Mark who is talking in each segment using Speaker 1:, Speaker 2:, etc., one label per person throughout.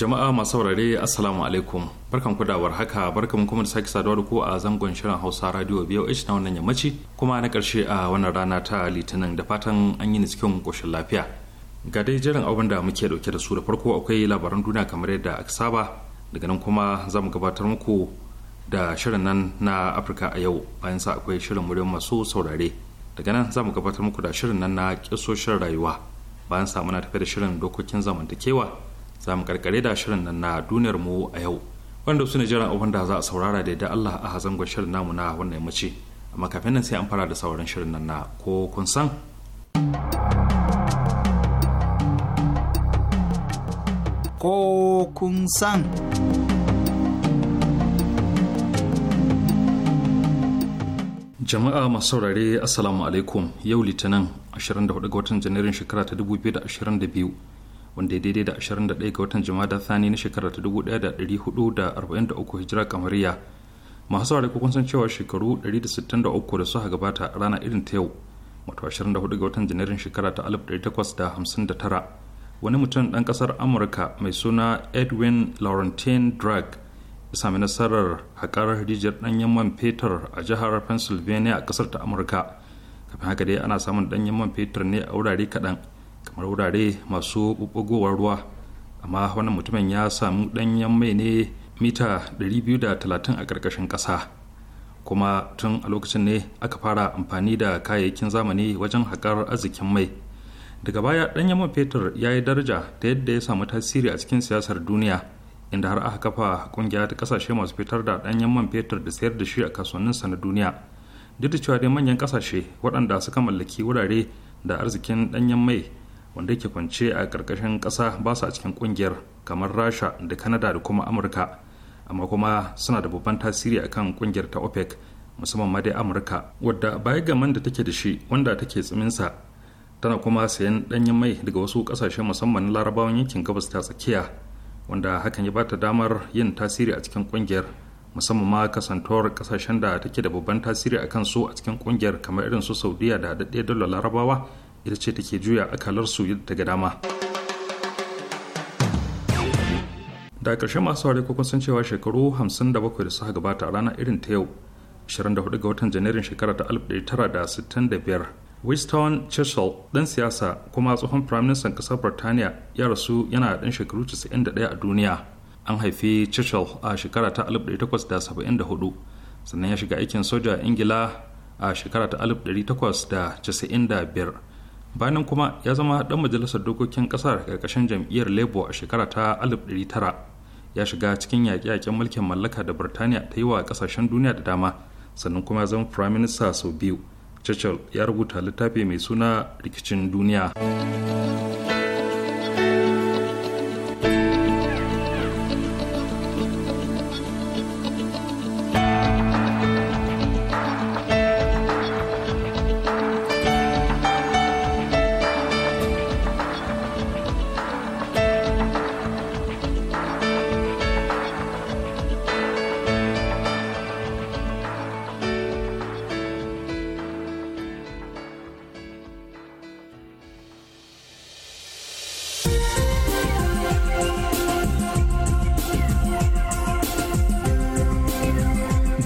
Speaker 1: jama'a masu saurare assalamu alaikum barkan ku da haka barkan kuma da sake saduwa da ku a zangon shirin hausa radio boh na wannan yammaci kuma na karshe a wannan rana ta litinin da fatan an yi cikin koshin lafiya ga dai jiran abin da muke dauke da su da farko akwai labaran duniya kamar yadda aka saba daga nan kuma za mu gabatar muku da shirin nan na afirka a yau bayan sa akwai shirin murin masu saurare daga nan za mu gabatar muku da shirin nan na kisoshin rayuwa bayan sa muna tafi da shirin dokokin zamantakewa za mu karkare da shirin nan na duniyar mu a yau wanda su ne jiran abin da za a saurara da yadda Allah a zangon shirin namu na wannan mace amma kafin nan sai an fara da sauran shirin nan na ko kun san
Speaker 2: ko kun san
Speaker 1: jama'a masu saurare assalamu alaikum yau litinin 24 ga watan janairun shekara ta 2022 wanda ya daidai da 21 ga watan da thani na shekarar ta 1443 hijira kamariya masu saurari kun san cewa shekaru 163 da suka gabata a rana irin ta yau wato 24 ga watan janairun shekara ta 1859 wani mutum dan kasar amurka mai suna edwin laurentine drag ya sami nasarar haƙar rijiyar ɗanyen man fetur a jihar pennsylvania a ƙasar ta amurka kafin haka dai ana samun ɗanyen man fetur ne a wurare kaɗan kamar wurare masu ɓuɓɓugowar ruwa amma wannan mutumin ya samu ɗanyen mai ne mita 230 a ƙarƙashin ƙasa kuma tun a lokacin ne aka fara amfani da kayayyakin zamani wajen haƙar arzikin mai daga baya ɗanyen man fetur ya yi daraja ta yadda ya samu tasiri a cikin siyasar duniya inda har aka kafa ƙungiya ta ƙasashe masu fitar da ɗanyen man fetur da sayar da shi a kasuwanninsa na duniya duk da cewa dai manyan ƙasashe waɗanda suka mallaki wurare da arzikin ɗanyen mai wanda ke kwance a ƙarƙashin ƙasa ba su a cikin ƙungiyar kamar rasha da kanada da kuma amurka amma kuma suna da babban tasiri a kan ƙungiyar ta opec musamman ma dai amurka wadda baya ga man da take da shi wanda take tsiminsa tana kuma sayan ɗanyen mai daga wasu ƙasashe musamman larabawan yankin gabas ta tsakiya wanda hakan ya bata damar yin tasiri a cikin ƙungiyar musamman ma kasantuwar ƙasashen da take da babban tasiri a kan su a cikin ƙungiyar kamar irin su saudiya da haɗaɗɗiyar dala larabawa ita ce take juya akalarsu daga dama da ƙarshe masu ware ko sun cewa shekaru 57 da suka gabata a ranar irin ta yau 24 ga watan janairun shekara ta 1965 winston churchill ɗan siyasa kuma tsohon firaministan ƙasar birtaniya ya rasu yana ɗan shekaru 91 a duniya an haifi churchill a shekara ta 1874 sannan ya shiga aikin soja a ingila a shekara ta 1895 bayanan kuma ya zama dan majalisar dokokin kasar karkashin jam'iyyar labour a shekara ta 1900 ya shiga cikin yaƙe-yaƙen mulkin mallaka da birtaniya ta yi wa kasashen duniya da dama sannan kuma ya zama prime minister sau biyu churchill ya rubuta littafi mai suna rikicin duniya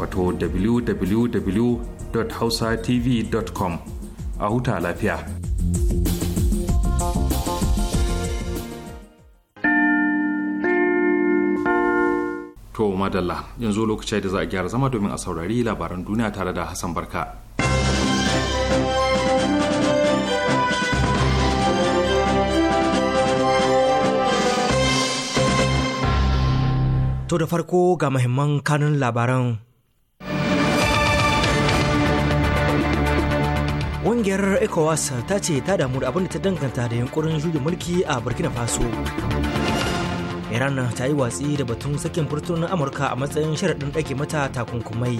Speaker 1: wato www.hausatv.com a huta lafiya. To madalla yanzu lokaci da za a gyara zama domin a saurari labaran duniya tare da Hassan Barka.
Speaker 3: To da farko ga mahimman kanun labaran Ƙungiyar ECOWAS ta ce ta damu da abin da ta danganta da yunkurin juyin mulki a Burkina Faso. Iran ta yi watsi da batun sakin furtunan Amurka a matsayin sharaɗin ɗage mata takunkumai.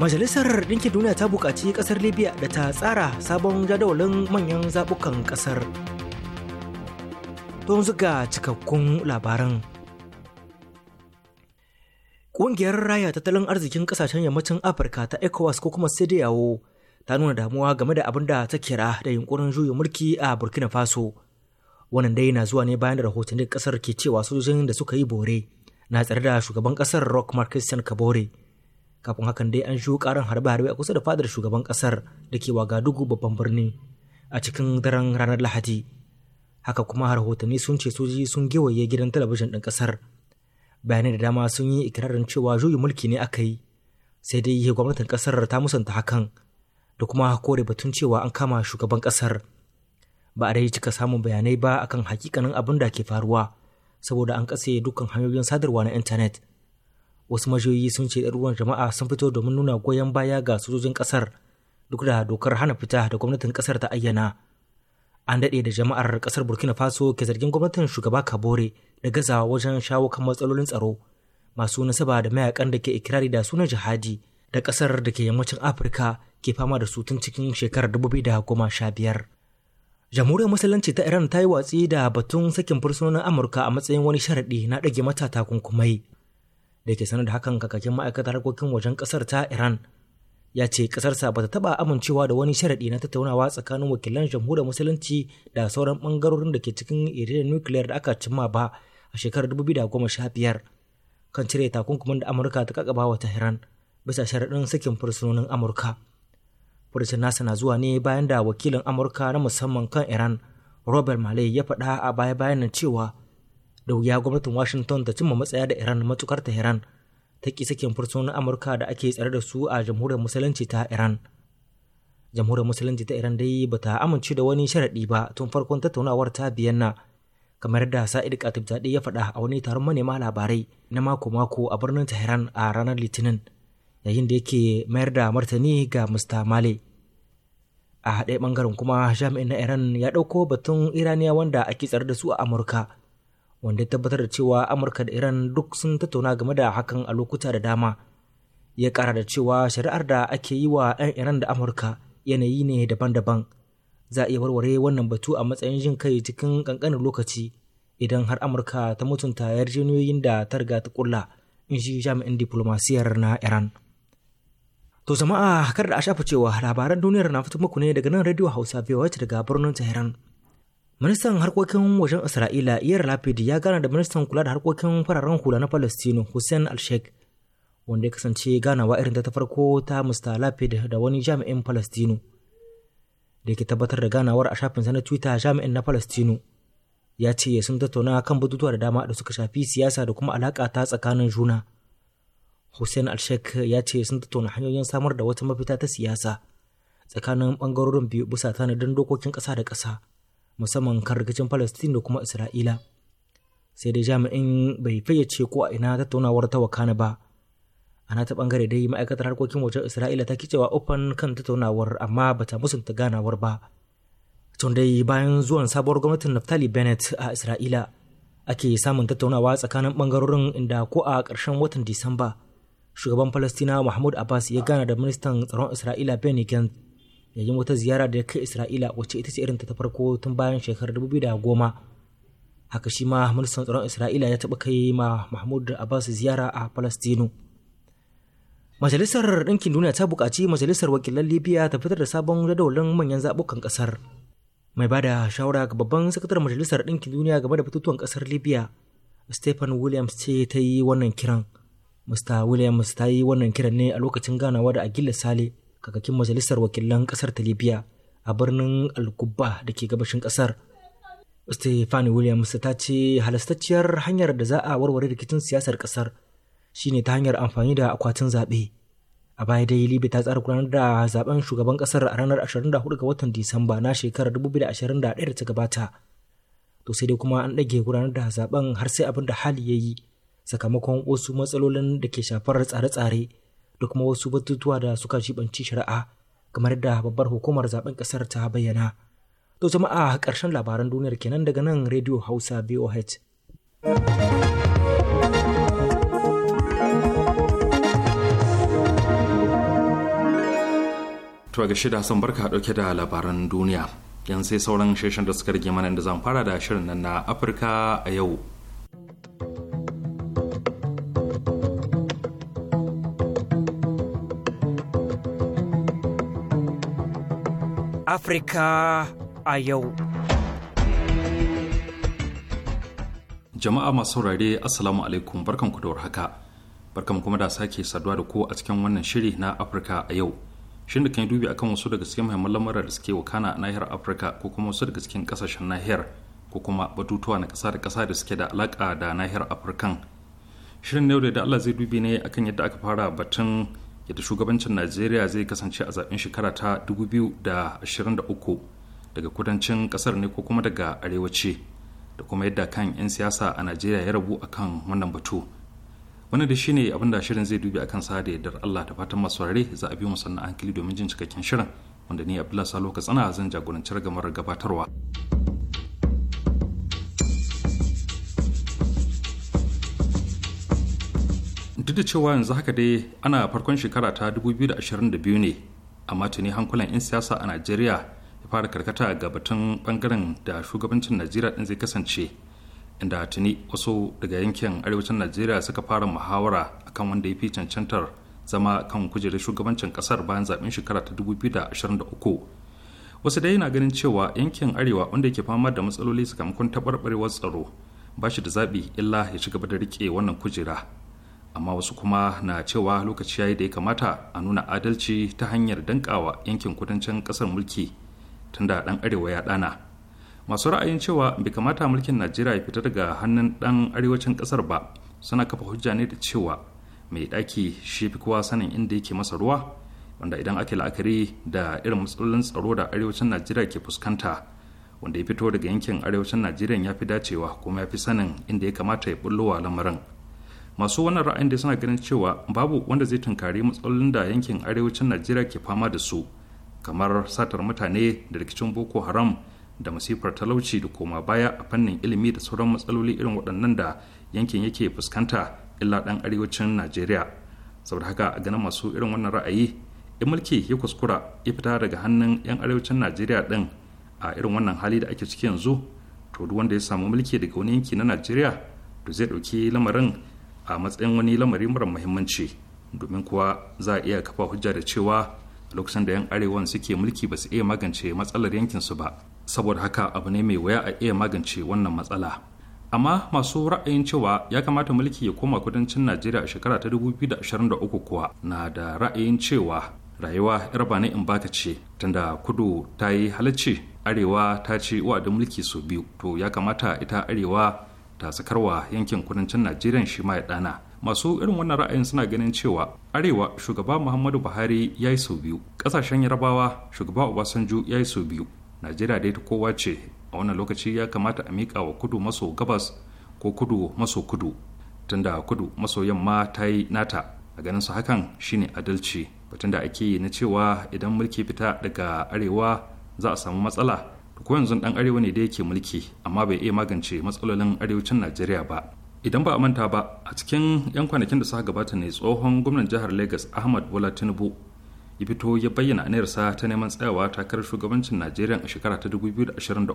Speaker 3: Majalisar Ɗinkin Duniya ta buƙaci ƙasar Libya da ta tsara sabon jadawalin manyan zaɓukan ƙasar. Don zuga cikakkun labaran. Ƙungiyar Raya Tattalin Arzikin Ƙasashen Yammacin Afirka ta ECOWAS ko kuma CEDEAO ta nuna damuwa game da abin da ta kira da yunkurin juyin mulki a burkina faso wannan dai na zuwa ne bayan da rahotannin kasar ke cewa sojojin da suka yi bore na tsare da shugaban kasar rock mark christian kabore kafin hakan dai an shuka karin harbe-harbe a kusa da fadar shugaban kasar da ke wagadugu babban birni a cikin daren ranar lahadi haka kuma rahotanni sun ce sojoji sun gewaye gidan talabijin ɗin kasar bayanai da dama sun yi ikirarin cewa juyin mulki ne aka yi sai dai gwamnatin kasar ta musanta hakan da kuma kore batun cewa an kama shugaban kasar ba a dai cika samun bayanai ba akan hakikanin abin da ke faruwa saboda an kase dukkan hanyoyin sadarwa na intanet wasu majiyoyi sun ce ɗaruruwan jama'a sun fito domin nuna goyon baya ga sojojin kasar duk da dokar hana fita da gwamnatin kasar ta ayyana an daɗe da jama'ar kasar burkina faso ke zargin gwamnatin shugaba kabore da gazawa wajen shawo kan matsalolin tsaro masu nasaba da mayakan da ke ikirari da sunan jihadi da ƙasar da ke yammacin Afirka ke fama da su tun cikin shekarar 2015. Jamhuriyar Musulunci ta Iran ta yi watsi da batun sakin fursunonin Amurka a matsayin wani sharaɗi na ɗage mata takunkumai. Da ke sanar da hakan kakakin ma'aikatar harkokin wajen ƙasar ta Iran ya ce ƙasarsa ba ta taɓa amincewa da wani sharaɗi na tattaunawa tsakanin wakilan jamhuriyar musulunci da sauran ɓangarorin da ke cikin iriyar nukiliyar da aka cimma ba a shekarar biyar. kan cire takunkumin da amurka ta kakaba wa tehran bisa sharaɗin sakin fursunonin amurka furucin nasa na zuwa ne bayan da wakilin amurka na musamman kan iran robert malay ya faɗa a baya bayan nan cewa da wuya gwamnatin washington ta cimma matsaya da iran matukar tehran ta ki sakin fursunonin amurka da ake tsare da su a jamhuriyar musulunci ta iran jamhuriyar musulunci ta iran dai bata amince da wani sharaɗi ba tun farkon tattaunawar ta biyanna kamar da sa'id katib ya faɗa a wani taron manema labarai na mako-mako a birnin tehran a ranar litinin yayin da yake mayar da martani ga Mr. Male. A haɗe ɓangaren kuma jami'in na Iran ya ɗauko batun Iraniya wanda ake tsare da su a Amurka, wanda ya tabbatar da cewa Amurka da Iran duk sun tattauna game da hakan a lokuta da dama. Ya ƙara da cewa shari'ar da ake yi wa 'yan Iran da Amurka yanayi ne daban-daban. Za a iya warware wannan batu a matsayin jin kai cikin ƙanƙanin lokaci idan har Amurka ta mutunta yarjejeniyoyin da ta riga ta ƙulla, in shi jami'in diplomasiyar na Iran. To jama'a kar da a shafa cewa labaran duniyar na fito muku ne daga nan Radio Hausa VOH daga birnin Tehran. Ministan harkokin wajen Isra'ila Iyar Lapid ya gana da ministan kula da harkokin fararen hula na Palestine Hussein Al-Sheikh wanda ya kasance ganawa irin ta farko ta Mr. Lapid da wani jami'in Palestino. Da ke tabbatar da ganawar a shafinsa na Twitter jami'in na Palestino ya ce sun tattauna kan batutuwa da dama da suka shafi siyasa da kuma alaƙa ta tsakanin juna. hussein alshek ya ce sun tattauna hanyoyin samar da wata mafita ta siyasa tsakanin bangarorin biyu bisa tanadin dokokin ƙasa da ƙasa musamman kan rikicin palestine da kuma isra'ila sai dai jami'in bai fayyace ko a ina tattaunawar ta wakana ba ana ta bangare dai ma'aikatar harkokin wajen isra'ila ta kicewa open kan tattaunawar amma bata musunta ganawar ba tun dai bayan zuwan sabuwar gwamnatin naftali bennett a isra'ila ake samun tattaunawa tsakanin bangarorin inda ko a ƙarshen watan disamba shugaban Falastina Mahmud Abbas ya gana da ministan tsaron Isra'ila Benny Gantz yayin wata ziyara da ya kai Isra'ila wacce ita ce irin ta farko tun bayan shekarar 2010. Haka shi ma ministan tsaron Isra'ila ya taɓa kai ma Mahmud Abbas ziyara a Falastinu. Majalisar Ɗinkin Duniya ta buƙaci Majalisar Wakilan Libya ta fitar da sabon jadawalin manyan zaɓukan ƙasar. Mai ba da shawara ga babban sakatar Majalisar Ɗinkin Duniya game da batutuwan ƙasar Libya, Stephen Williams ce ta yi wannan kiran. Mr. Williams ta yi wannan kiran ne a lokacin ganawa da Agila Sale, kakakin majalisar wakilan kasar ta Libya a birnin Alkubba da ke gabashin kasar Stefani Williams ta ce halastacciyar hanyar da za a warware rikicin siyasar kasar shi ne ta hanyar amfani da akwatin zaɓe. A baya dai Libya ta tsara gudanar da zaben shugaban kasar a ranar 24 ga watan Disamba na shekarar 2021 da ta gabata. To sai dai kuma an ɗage gudanar da zaben har sai abin da hali ya yi. sakamakon wasu matsalolin da ke shafar tsare-tsare da kuma wasu batutuwa da suka shibanci shari'a kamar da babbar hukumar zaben kasar ta bayyana. To jama'a ƙarshen labaran duniyar kenan daga nan Radio Hausa VOH.
Speaker 1: To ga shida son barka dauke da labaran duniya. Yan sai sauran sheshen da suka rage mana da zan fara da shirin nan na Afirka a yau.
Speaker 3: Afrika a yau.
Speaker 1: Jama'a masu saurare Assalamu alaikum barkanku da warhaka. Barkan kuma da sake saduwa da ku a cikin wannan shiri na Afirka a yau. Shin da kan dubi akan wasu daga cikin muhimman lamura da suke wakana a nahiyar afrika ko kuma wasu daga cikin kasashen nahiyar ko kuma batutuwa na kasa da kasa da suke da alaka da nahiyar Afirkan. Shirin yau da Allah zai dubi ne akan yadda aka fara batun yadda shugabancin najeriya zai kasance a zaben shekara ta 2023 daga kudancin kasar ne ko kuma daga arewaci da kuma yadda kan 'yan siyasa a najeriya ya rabu akan wannan batu wani da shine abin da shirin zai dubi akan sa da yardar allah ta fatan masu rare za a biyu musanna hankali domin jin cikakken shirin wanda ni abdullahi salo katsina zan jagoranci gamar gabatarwa. duk da cewa yanzu haka dai ana farkon shekara ta 2022 ne amma tuni hankulan 'yan siyasa a najeriya ya fara karkata ga batun bangaren da shugabancin najeriya din zai kasance inda tuni wasu daga yankin arewacin najeriya suka fara muhawara akan wanda ya fi cancantar zama kan kujerar shugabancin kasar bayan zaben shekara ta 2023 wasu dai na ganin cewa yankin arewa wanda ke fama da matsaloli sakamakon taɓarɓarewar tsaro ba shi da zaɓi illa ya ci gaba da riƙe wannan kujera amma wasu kuma na cewa lokaci ya yi da ya kamata a nuna adalci ta hanyar dankawa yankin kudancin kasar mulki tunda dan arewa ya dana masu ra'ayin cewa bai kamata mulkin najeriya ya fita daga hannun dan arewacin kasar ba suna kafa hujja ne da cewa mai daki shi fi kowa sanin inda yake masa ruwa wanda idan ake la'akari da irin matsalolin tsaro da arewacin najeriya ke fuskanta wanda ya fito daga yankin arewacin najeriya ya fi dacewa kuma ya fi sanin inda ya kamata ya bullo wa lamarin masu wannan ra'ayin da suna ganin cewa babu wanda zai tunkari matsalolin da yankin arewacin najeriya ke fama da su kamar satar mutane da rikicin boko haram da masifar talauci da koma baya a fannin ilimi da sauran matsaloli irin waɗannan da yankin yake fuskanta illa ɗan arewacin najeriya saboda haka a ganin masu irin wannan ra'ayi in mulki ya kuskura ya fita daga hannun 'yan arewacin najeriya ɗin a irin wannan hali da ake ciki yanzu to duk wanda ya samu mulki daga wani yanki na najeriya to zai ɗauki lamarin a matsayin wani lamari mara muhimmanci domin kuwa za a iya kafa hujja da cewa lokacin da 'yan arewan suke mulki ba su iya magance matsalar yankinsu ba saboda haka abu ne mai waya a iya magance wannan matsala amma masu ra'ayin cewa ya kamata mulki ya koma kudancin najeriya a shekara ta dubu 2023 kuwa na da ra'ayin cewa rayuwa yar ba in baka ce tunda kudu ta yi halacci arewa ta ce da mulki su biyu to ya kamata ita arewa ta sakarwa yankin kudancin najeriya shi ma ya dana masu irin wannan ra'ayin suna ganin cewa arewa shugaba muhammadu buhari ya yi sau biyu kasashen yarabawa shugaba obasanjo ya yi sau biyu najeriya dai ta kowa ce a wannan lokaci ya kamata a miƙa wa kudu maso gabas ko kudu maso kudu tunda kudu maso yamma ta yi nata a ganin su hakan shine adalci batun da ake yi na cewa idan mulki fita daga arewa za a samu matsala ko yanzu dan arewa ne da yake mulki amma bai iya magance matsalolin arewacin najeriya ba idan ba a manta ba a cikin 'yan kwanakin da suka gabata ne tsohon gwamnan jihar lagos ahmad bola tinubu ya fito ya bayyana aniyarsa ta neman tsayawa takarar shugabancin najeriya a shekara ta 2023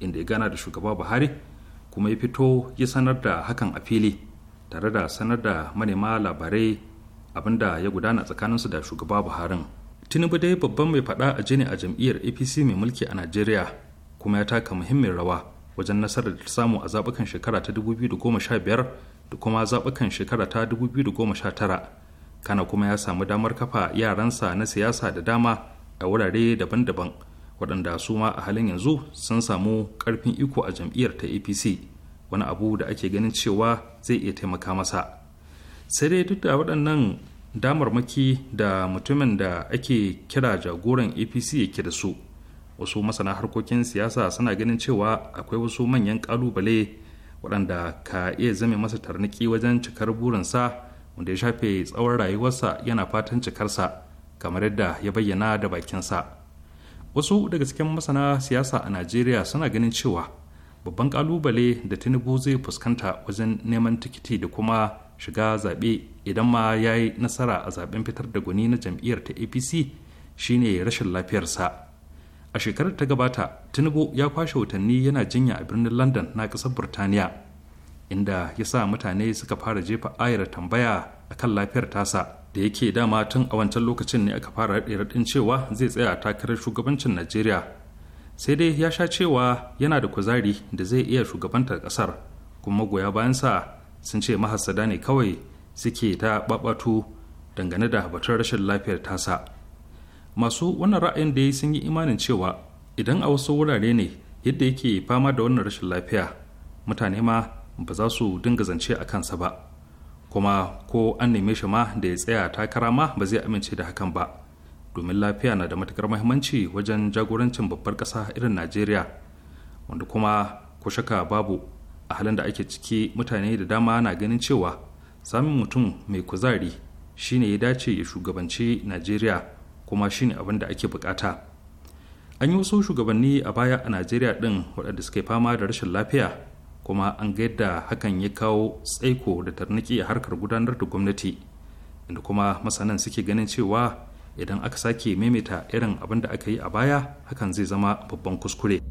Speaker 1: inda ya gana da shugaba buhari kuma ya fito ya sanar da hakan a fili tare da sanar da manema labarai abinda ya gudana tsakaninsu da shugaba buharin tinubu dai babban mai faɗa a jini a jam'iyyar apc mai mulki a najeriya kuma ya taka muhimmin rawa wajen nasarar da ta samu a zaɓukan shekara ta 2015 da kuma zaɓukan shekara ta 2019 kana kuma ya samu damar kafa yaransa na siyasa da dama a wurare daban-daban waɗanda su ma a halin yanzu sun samu ƙarfin iko a jam'iyyar ta apc wani abu da ake ganin cewa zai iya taimaka masa sai dai duk da waɗannan damarmaki da mutumin da ake kira jagoran apc yake da su wasu masana harkokin siyasa suna ganin cewa akwai wasu manyan kalubale waɗanda ka iya zame masa tarniki wajen cikar burinsa wanda ya shafe tsawon rayuwarsa yana fatan cikarsa kamar yadda ya bayyana da bakinsa wasu daga cikin masana siyasa a najeriya suna ganin cewa babban kalubale da tinubu zai fuskanta wajen neman tikiti da kuma shiga zaɓe idan ma ya yi nasara a zaben fitar da gwani na jam'iyyar ta apc shine rashin lafiyarsa a shekarar ta gabata tinubu ya kwashe watanni yana jinya a birnin london na ƙasar burtaniya inda ya sa mutane suka fara jefa ayar tambaya akan lafiyar tasa da yake dama tun a wancan lokacin ne aka fara raɗin cewa zai tsaya takarar shugabancin najeriya sai dai ya sha cewa yana da kuzari da zai iya shugabantar ƙasar kuma magoya bayansa sun ce mahasada ne kawai suke ta ɓaɓato dangane da batun rashin lafiyar tasa masu wannan ra'ayin da sun yi imanin cewa idan a wasu wurare ne yadda yake fama da wannan rashin lafiya mutane ma ba za su dinga zance a kansa ba kuma ko an neme shi ma da ya tsaya takara ma ba zai amince da hakan ba domin lafiya na da matukar mahimmanci wajen jagorancin babbar ƙasa irin najeriya wanda kuma ko shaka babu a halin da ake ciki mutane da dama na ganin cewa samun mutum mai kuzari shine ya dace ya shugabanci najeriya kuma shine abin da ake bukata an yi wasu shugabanni a baya a najeriya din waɗanda suka fama da rashin lafiya kuma an ga yadda hakan ya kawo tsaiko da tarniki a harkar gudanar da gwamnati inda kuma masanan suke ganin cewa idan aka sake maimaita irin abin da aka yi a baya hakan zai zama babban kuskure.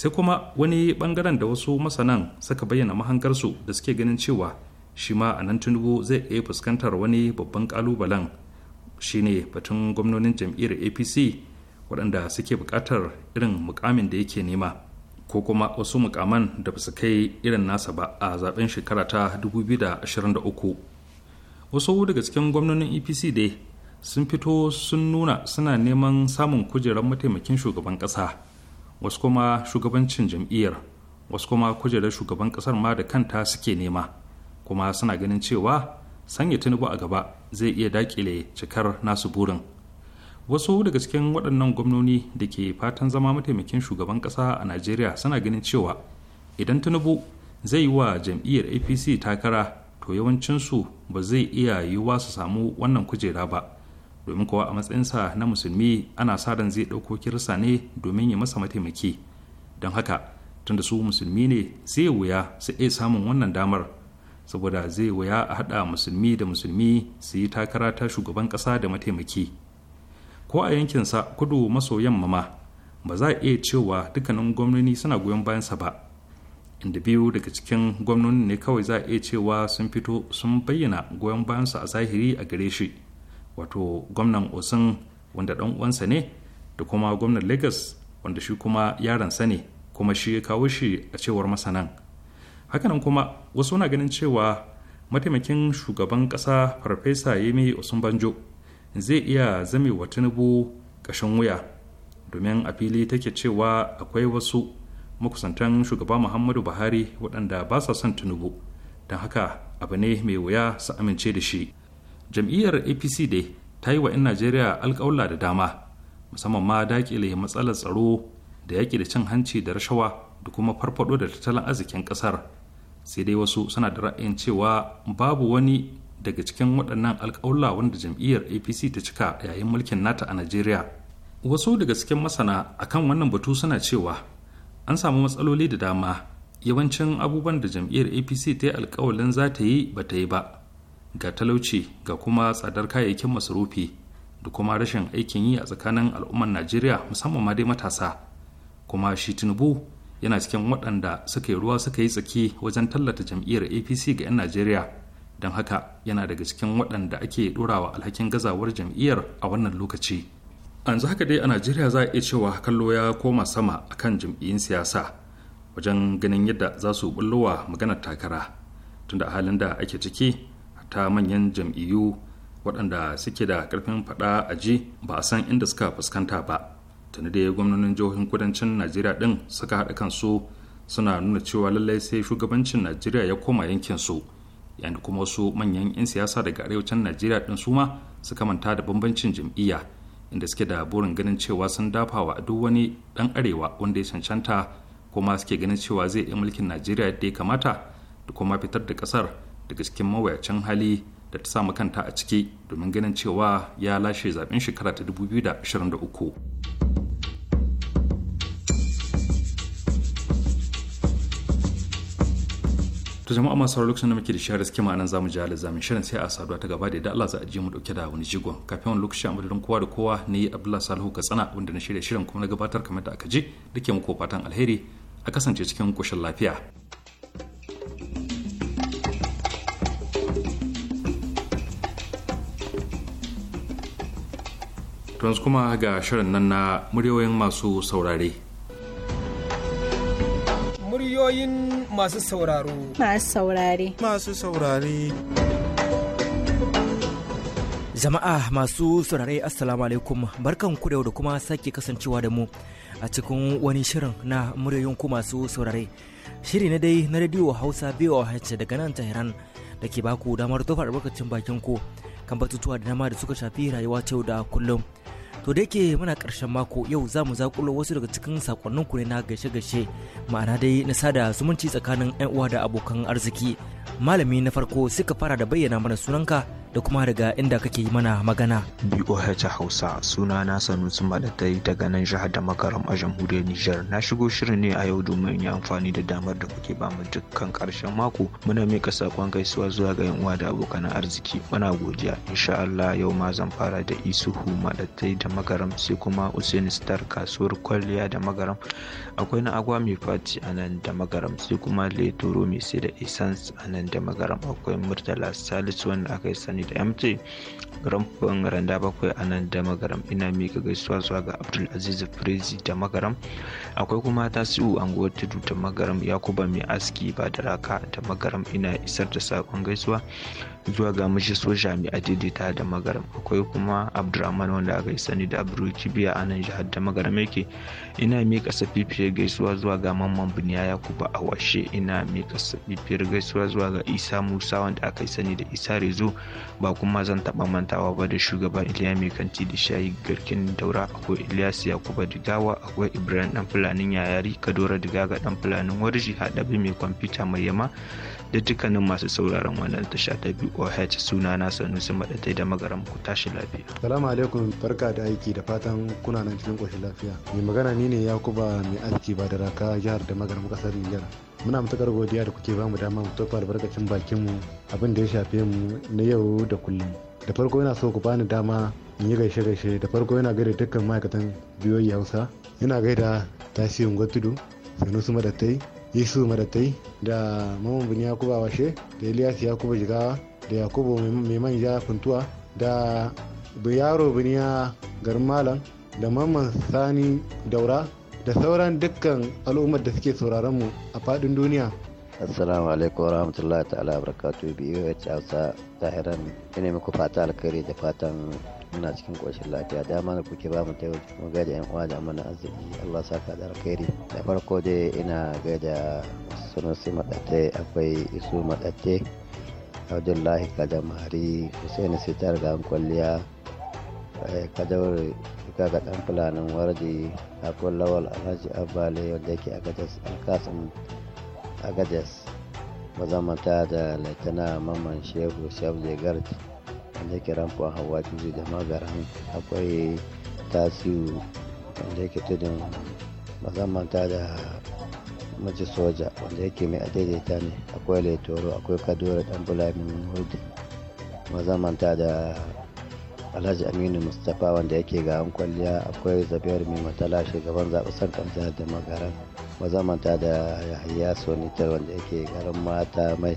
Speaker 1: sai kuma wani bangaren da wasu masanan suka bayyana mahangarsu da suke ganin cewa shi ma a nan tinubu zai iya fuskantar wani babban kalubalen shine batun gwamnonin jam'iyyar apc waɗanda suke buƙatar irin mukamin da yake nema ko kuma wasu mukaman da ba su kai irin nasa ba a zaben shekara ta 2023 wasu daga cikin gwamnonin apc dai sun fito sun nuna suna neman samun kujerar mataimakin shugaban ƙasa wasu kuma shugabancin jam'iyyar wasu kuma kujerar shugaban kasar ma da kanta suke nema kuma suna ganin cewa sanya tinubu a gaba zai iya dakile cikar nasu burin wasu daga cikin waɗannan gwamnoni da ke fatan zama mataimakin shugaban ƙasa a najeriya suna ganin cewa idan tinubu zai yi wa jam'iyyar apc takara to yawancinsu ba zai iya yiwuwa su samu wannan kujera ba domin kowa a matsayinsa na musulmi ana sa ran zai ɗauko kirsa ne domin ya masa mataimaki don haka tunda su musulmi ne zai wuya su iya samun wannan damar saboda zai wuya a haɗa musulmi da musulmi su yi takara ta shugaban ƙasa da mataimaki ko a yankin sa kudu maso yamma ma ba za a iya cewa dukkanin gwamnoni suna goyon bayansa ba inda biyu daga cikin gwamnoni ne kawai za a iya cewa sun fito sun bayyana goyon bayansa a zahiri a gare shi wato gwamnan osun wanda dan uwansa ne da kuma gwamnan lagos wanda shi kuma yaransa ne kuma shi ya kawo shi a cewar masanan hakanan kuma wasu na ganin cewa mataimakin shugaban kasa farfesa yemi banjo zai iya zame wa tinubu kashin wuya domin a fili take cewa akwai wasu makusantan shugaba muhammadu buhari waɗanda ba sa son tinubu don haka abu ne mai wuya su amince da shi jam'iyyar apc dai ta yi wa 'yan najeriya alkawla da dama musamman ma dakile matsalar tsaro da yaƙi da cin hanci da rashawa da kuma farfado da tattalin arzikin ƙasar sai dai wasu suna da ra'ayin cewa babu wani daga cikin waɗannan alkawula wanda jam'iyyar apc ta cika yayin mulkin nata a najeriya wasu daga cikin masana akan wannan batu suna cewa an samu matsaloli da dama yawancin abubuwan da jam'iyyar apc ta yi alkawalin za ta yi ba ta yi ba ga talauci ga kuma tsadar kayayyakin masarufi da kuma rashin aikin yi a tsakanin al'ummar najeriya musamman ma dai matasa kuma shi tinubu yana cikin waɗanda suka yi ruwa suka yi tsaki wajen tallata jam'iyyar apc ga 'yan najeriya don haka yana daga cikin waɗanda ake ɗorawa alhakin gazawar jam'iyyar a wannan lokaci yanzu haka dai a najeriya za a iya cewa kallo ya koma sama akan jam'iyyun siyasa wajen ganin yadda za su bullowa maganar takara tunda a halin da ake ciki ta manyan jam'iyyu waɗanda suke da ƙarfin faɗa a ji ba a san inda suka fuskanta ba tuni da gwamnonin jihohin kudancin najeriya ɗin suka haɗa kansu suna nuna cewa lallai sai shugabancin najeriya ya koma yankin su yanda kuma wasu manyan 'yan siyasa daga arewacin najeriya ɗin su ma suka manta da bambancin jam'iyya inda suke da burin ganin cewa sun dafawa duk wani ɗan arewa wanda ya cancanta kuma suke ganin cewa zai iya mulkin najeriya yadda ya kamata da kuma fitar da ƙasar daga cikin mawuyacin hali da ta samu kanta a ciki domin ganin cewa ya lashe zaben shekara ta 2023 to jama'a masu sauraron lokacin da muke da shahar suke ma'anan zamu ji halin zamin shirin sai a saduwa ta gaba da yadda Allah za a ji mu dauke da wani jigon kafin wani lokaci a madadin kowa da kowa ne Abdullahi Salihu Katsina wanda na shirya shirin kuma na gabatar kamar da aka ji dake muku fatan alheri a kasance cikin koshin lafiya yanzu kuma ga shirin nan na muryoyin masu saurare.
Speaker 2: Muryoyin masu sauraro.
Speaker 4: Masu saurare. Masu saurare.
Speaker 3: Jama'a masu saurare Assalamu alaikum barkan ku da kuma sake kasancewa da mu a cikin wani shirin na muryoyin ku masu saurare. Shiri na dai na radio Hausa a daga nan Tehran da ke baku damar tofa albarkacin bakin ku. kan batutuwa da dama da suka shafi rayuwa ta yau da kullum to da yake muna karshen mako yau za mu zakulo wasu daga cikin sakonnin ku ne na gaishe-gaishe ma'ana dai na sada zumunci tsakanin 'yan uwa da abokan arziki malami na farko suka fara da bayyana mana sunanka da kuma daga inda kake yi mana magana.
Speaker 2: BOH Hausa suna na Sanusi Madatai daga nan jihar da makaram a jamhuriyar Nijar. Na shigo shirin ne a yau domin yi amfani da damar da kuke ba mu dukkan karshen mako. Muna mika sakon gaisuwa zuwa ga yan uwa da abokan arziki. Muna godiya. Insha Allah yau ma zan fara da Isuhu Madatai da makaram sai kuma Usain Star kasuwar kwalliya da magaram. Akwai na agwa mai fati a nan da makaram sai kuma Leturo mai sai da Essence a nan da magaram. Akwai Murtala Salisu wanda aka yi sani it empty garin garin da bakwai a nan da magaram ina mika gaisuwa zuwa ga abdul aziz firizi da magaram akwai kuma tasiu anguwa tudu da magaram yakuba mai aski ba da raka da magaram ina isar da sakon gaisuwa zuwa ga mashi soja mai adidita da magaram akwai kuma abdulrahman wanda aka sani da abdul kibiya a nan jihar da magaram yake ina mika safifiyar gaisuwa zuwa ga mamman buniya yakuba a washe ina mika safifiyar gaisuwa zuwa ga isa musa wanda aka sani da isa rezo ba kuma zan taba manta mantawa ba da shugaba iliya mai kanti da shayi garkin daura akwai ilyas yakuba digawa akwai ibrahim dan fulanin yayari kadora digaga dan fulanin warji haɗabi mai kwamfuta mai yama da dukkanin masu sauraron wannan tasha ta boh suna na sanusi madatai da magaram ku tashi lafiya
Speaker 4: salamu alaikum barka da aiki da fatan kuna nan cikin koshin lafiya mai magana ni ne yakuba mai aski ba da raka jihar da magaram kasar niger muna matukar godiya da kuke bamu dama mu tofa albarkacin bakinmu abin da ya shafe mu na yau da kullum da farko yana so ku bani dama in yi gaishe gaishe da farko yana gaida dukkan ma'aikatan biyoyi hausa yana gaida tasirin sanu su madattai yesu madattai da mamman bin yakuba washe da iliyas yakuba jigawa da yakubu mai manja funtuwa da yaro biniya garin malam da mamman sani daura da sauran dukkan al'ummar da suke sauraron mu a faɗin duniya
Speaker 5: assalamu alaikum warahmatullahi ta'ala barakatu biyu ya ci hausa tahiran ina muku fata alkhairi da fatan muna cikin ƙoshin lafiya dama da kuke ba mu ta mu gaida yan uwa da mana arziki Allah ka da alkhairi da farko dai ina gaida su madatte akwai isu madatte abdullahi kadamari husaini sitar eh, ga kwalliya kadawar ga dan fulanin wardi akwai lawal alhaji abbale wanda yake a kasan agadez mazamanta da laitana mamman shehu shabje gard wanda yake ramfuwa hawa tuzu da magaran akwai tasiru wanda yake tudun mazamanta da maji soja wanda yake mai adaidaita ne akwai laitoro akwai kadura dan bulamin hudu mazamanta da alhaji aminu mustapha wanda yake ga an kwalliya akwai zabiyar mai matala shugaban zaɓe sankan jihar da magaran mazamanta da yahaya sonitar wanda yake garin mata mai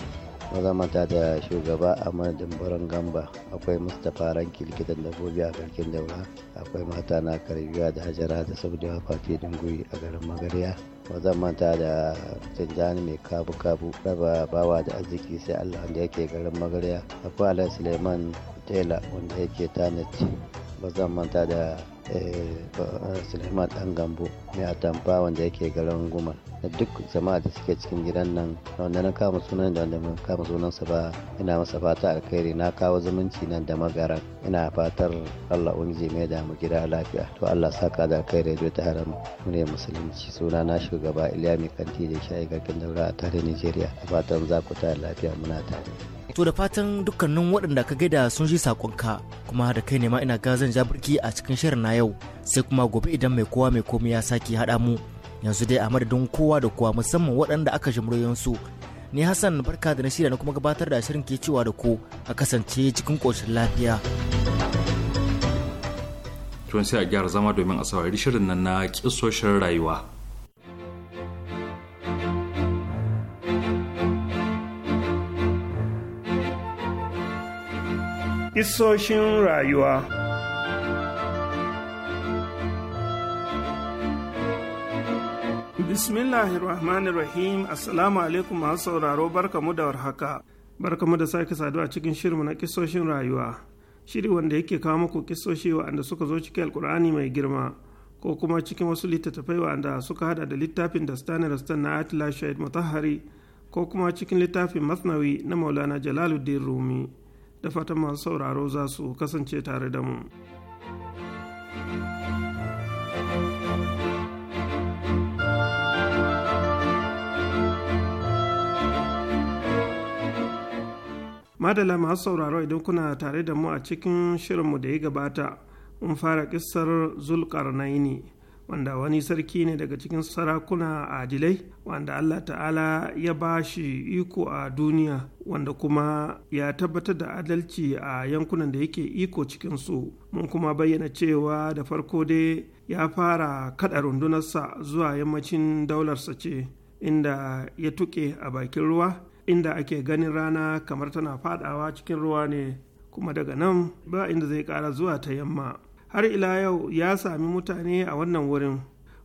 Speaker 5: mazamanta da shugaba a dimbaran gamba akwai mustapha ranki likitan dabbobi a garkin daura akwai mata na karbiya da hajara da saboda fati gwi a garin magariya mazamanta da tunjani mai kabu-kabu raba bawa da arziki sai allah wanda yake garin magariya akwai alai suleiman tela wanda yake tanit mazamanta da Eh, Suleiman Dan Gambo mai atamfa wanda yake garin Gumal. da duk jama'a da suke cikin gidan nan wanda na kama sunan da wanda na kama sa ba ina masa fata alkhairi na kawo zumunci nan da magaran ina fatar Allah unje mai da gida lafiya to Allah saka da alkhairi da ta haram mu ne musulunci suna na shugaba Iliya kanti da shayi garkin daura a tare Nigeria fatan za ku ta lafiya muna tare.
Speaker 3: To da fatan dukkanin waɗanda ka gaida sun ji saƙonka kuma da kai ne ma ina ga zan birki a cikin shirin na yau sai kuma gobe idan mai kowa mai komai ya sake haɗa mu yanzu dai a madadin kowa da kowa musamman waɗanda aka su ni hassan barka da na shirya na kuma gabatar da shirin ke cewa da ku a kasance cikin ƙoshin lafiya
Speaker 1: tun sai a gyara zama domin a saurari shirin nan na kisoshin rayuwa
Speaker 6: Isoshin rayuwa Bismillahirrahmanirrahim Assalamu alaikum masu sauraro barka barkamu da warhaka. Barkamu da sake saduwa cikin shirinmu na kisoshin rayuwa. Shiri wanda yake kawo muku kisoshi wa'anda suka zo cikin alkur'ani mai girma ko kuma cikin wasu littattafai wa'anda suka hada da littafin da stani rastan na Atila Shahid Mutahari ko kuma cikin littafin Masnawi na Maulana Jalaluddin Rumi. Da fatan masu sauraro za su kasance tare da mu. madala masu sauraro idan kuna tare da mu a cikin shirinmu da ya gabata mun fara kissar zulkarnaini wanda wani sarki ne daga cikin sarakuna adilai wanda allah ta'ala ya ba shi iko a duniya wanda kuma ya tabbatar da adalci a yankunan da yake iko cikinsu mun kuma bayyana cewa da farko dai ya fara kada rundunarsa zuwa yammacin daularsa ce inda ya tuke a bakin ruwa inda ake ganin rana kamar tana fadawa cikin ruwa ne kuma daga nan ba inda zai kara zuwa ta yamma har ila yau ya sami mutane a wannan wurin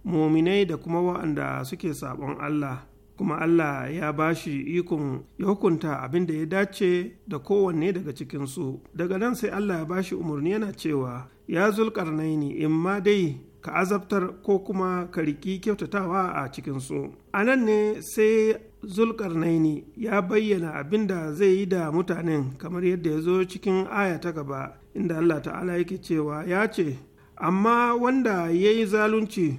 Speaker 6: muminai da kuma wa'anda suke sabon Allah kuma Allah ya ba shi ikon ya hukunta abin da ya dace da kowanne daga cikinsu daga nan sai Allah ya ba shi umarni yana cewa ya zulkarnaini in ma dai ka azabtar ko kuma ka riki kyautatawa a cikinsu a nan ne sai Zulkar zulkarnaini ya bayyana abin da zai yi da mutanen kamar yadda ya zo cikin aya ta gaba inda allah ta'ala yake cewa ya ce amma wanda ya yi zalunci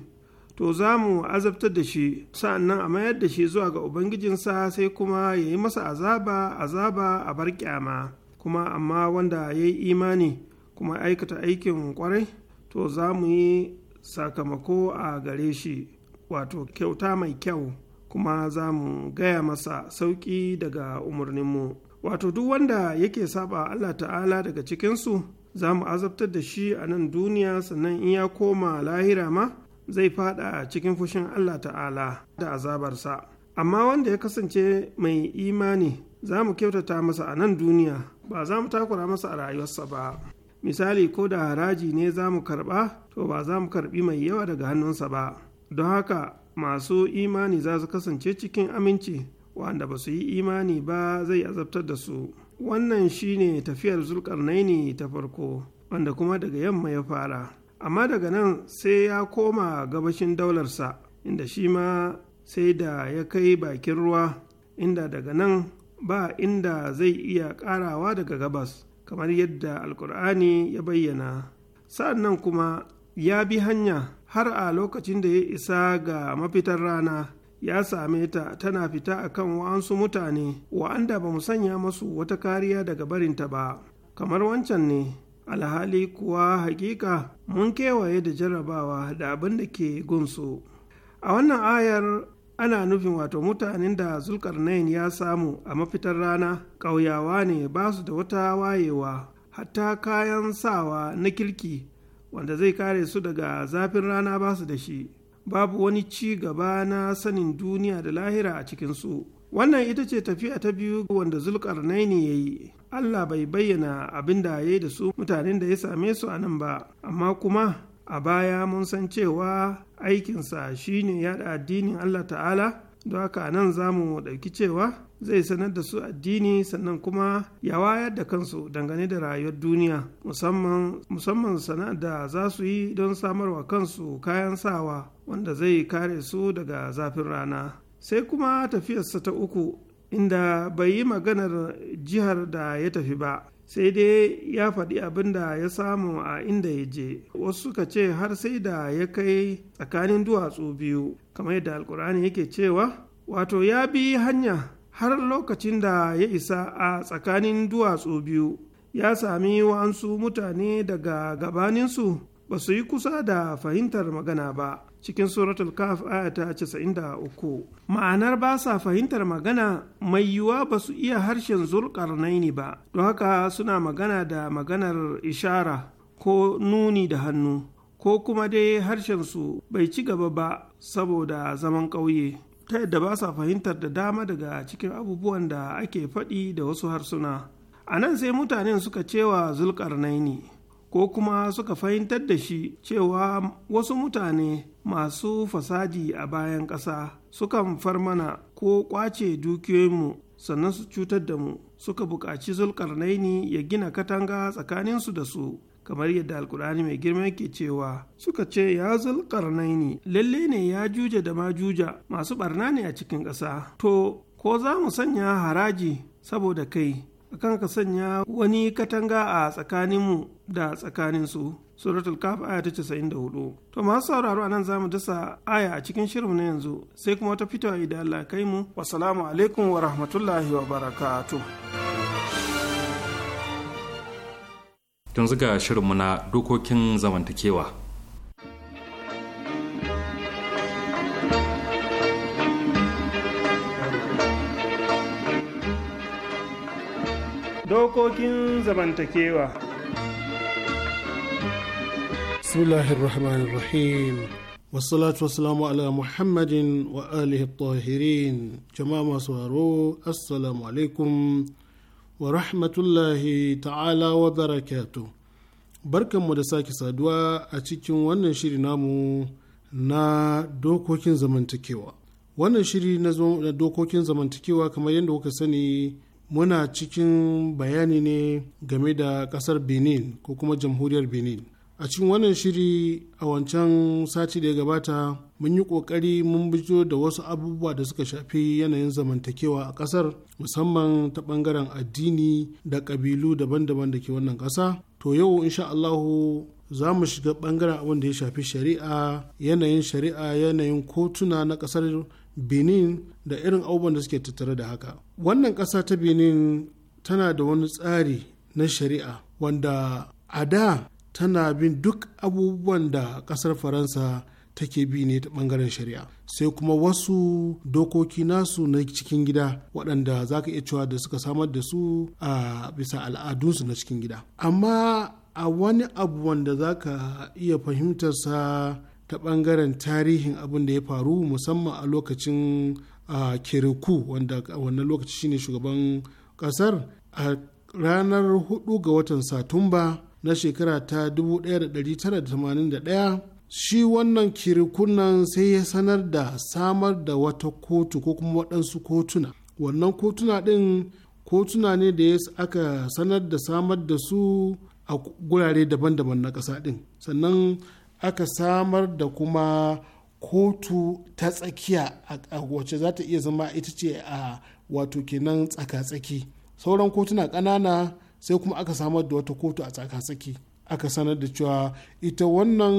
Speaker 6: to za mu azabtar da shi sa'annan a mayar da shi zuwa ga ubangijinsa sai kuma ya yi masa azaba azaba a bar kyama kuma amma wanda ya yi imani kuma aikata aikin kwarai to za mu yi sakamako a gare shi wato kyauta mai kyau kuma za mu gaya masa sauƙi daga umarninmu wato duk wanda yake saba allah ta'ala daga cikinsu za mu azabtar da shi a nan duniya sannan in ya koma lahira ma zai fada cikin fushin allah ta'ala da azabarsa amma wanda ya kasance mai imani za mu kyautata masa a nan duniya ba za mu takura masa a rayuwarsa ba misali ko da haraji ne za mu karɓa to ba za mu karɓi mai yawa daga hannunsa ba don haka masu imani za su kasance cikin aminci wanda ba su yi imani ba zai azabtar da su wannan shine tafiyar zulkarnaini ta farko wanda kuma daga yamma ya fara amma daga nan sai ya koma gabashin daularsa inda shi ma sai da ya kai bakin ruwa inda daga nan ba inda zai iya karawa daga gabas kamar yadda alkur'ani ya bayyana sa'annan kuma ya bi hanya har a lokacin da ya isa ga mafitar rana ya same ta tana fita a kan wa'ansu mutane wa'anda ba mu sanya masu wata kariya daga barinta ba kamar wancan ne alhali kuwa hakika mun kewaye da jarrabawa da abin da ke gunsu a wannan ayar ana nufin wato mutanen da zulkarnain ya samu a mafitar rana ƙauyawa ne ba su da wata wayewa hatta kayan sawa na kirki wanda zai kare su daga zafin rana ba su da shi babu wani ci gaba na sanin duniya da lahira a cikinsu wannan ita ce tafiya ta biyu wanda zulkarnaini ya yi allah bai bayyana abin da ya yi da su mutanen da ya same su a nan ba amma kuma a baya mun san cewa aikinsa shine yada addinin allah ta'ala don haka nan za mu ɗauki cewa zai sanar da su addini sannan kuma ya wayar da kansu dangane da rayuwar duniya musamman sana'ar da za su yi don samarwa kansu kayan sawa wanda zai kare su daga zafin rana sai kuma tafiyarsa ta uku inda bai yi maganar jihar da ya tafi ba sai dai ya faɗi abin da ya samu a inda ya je wasu suka ce har sai da ya kai tsakanin duwatsu biyu kamar yadda alkur'ani yake cewa wato ya bi hanya har lokacin da ya isa a tsakanin duwatsu biyu ya sami wa'ansu mutane daga gabaninsu ba su yi kusa da fahimtar magana ba cikin suratul kaf aya ta uku. ma'anar ba sa fahimtar magana mai yiwuwa ba su iya harshen naini ba don haka suna magana da maganar ishara ko nuni da hannu ko kuma dai harshen su bai ci gaba ba saboda zaman ƙauye ta yadda ba sa fahimtar da dama daga cikin abubuwan da ake faɗi da wasu harsuna a nan sai mutanen suka cewa naini. ko kuma suka fahimtar da shi cewa wasu mutane masu fasadi a bayan ƙasa sukan far mana ko ƙwace dukiyoyinmu sannan su cutar da mu suka buƙaci zulƙarnaini ya gina katanga tsakaninsu da su kamar yadda alkur'ani mai girma ke cewa suka ce ya zulƙarnaini lalle ne ya juja da majuja masu ɓarna ne a cikin ƙasa to ko za mu sanya haraji saboda kai akan ka sanya wani katanga a tsakaninmu da tsakaninsu suratul kaf aya ta 94 to masu sauraro anan zamu dasa aya a cikin shirin na yanzu sai kuma ta fitowa idan Allah kai mu wassalamu alaikum wa rahmatullahi wa barakatu
Speaker 1: tun zuga shirinmu na dokokin zamantakewa
Speaker 6: dokokin zamantakewa
Speaker 4: rahim Wassalatu wassalamu ala Muhammadin wa alihi tahirin. Jama'a masu haro, Assalamu alaikum wa rahmatullahi ta'ala wa barakatu. Barkanmu da sake saduwa a cikin wannan shiri namu na dokokin zamantakewa. Wannan shiri na dokokin zamantakewa kamar yadda kuka sani muna cikin bayani ne game da ƙasar Benin ko kuma jamhuriyar Benin. a cikin wannan shiri a wancan sati da ya gabata mun yi kokari mun bijo da wasu abubuwa da suka shafi yanayin zamantakewa a kasar musamman ta bangaren addini da kabilu daban-daban da ke wannan kasa to yau insha Allahu za mu shiga bangaren abin da ya shafi shari'a yanayin shari'a yanayin kotuna na kasar benin da irin abubuwan da suke tattare da haka wannan kasa ta benin tana da wani tsari na shari'a wanda a da tana bin duk abubuwan da ƙasar faransa take bi ne ta bangaren shari'a sai kuma wasu dokoki nasu na cikin gida waɗanda za ka iya cewa da suka samar da su a bisa al'adunsu na cikin gida amma a wani abu wanda za ka iya fahimtarsa ta bangaren tarihin abin da ya faru musamman a lokacin kiriku wanda wannan lokaci shine shugaban ƙasar a ranar 4 ga watan satumba na shekara ta 1981 shi wannan kirikunan sai ya sanar da samar da wata kotu ko kuma waɗansu kotuna wannan kotuna ɗin kotuna ne da aka sanar da samar da su a gurare daban-daban na ƙasa ɗin sannan aka samar da kuma kotu ta tsakiya a wacce za ta iya zama ita ce a wato kenan tsaka-tsaki sauran kotuna ƙanana sai kuma aka samar da wata kotu a tsaka-tsaki aka sanar da cewa ita wannan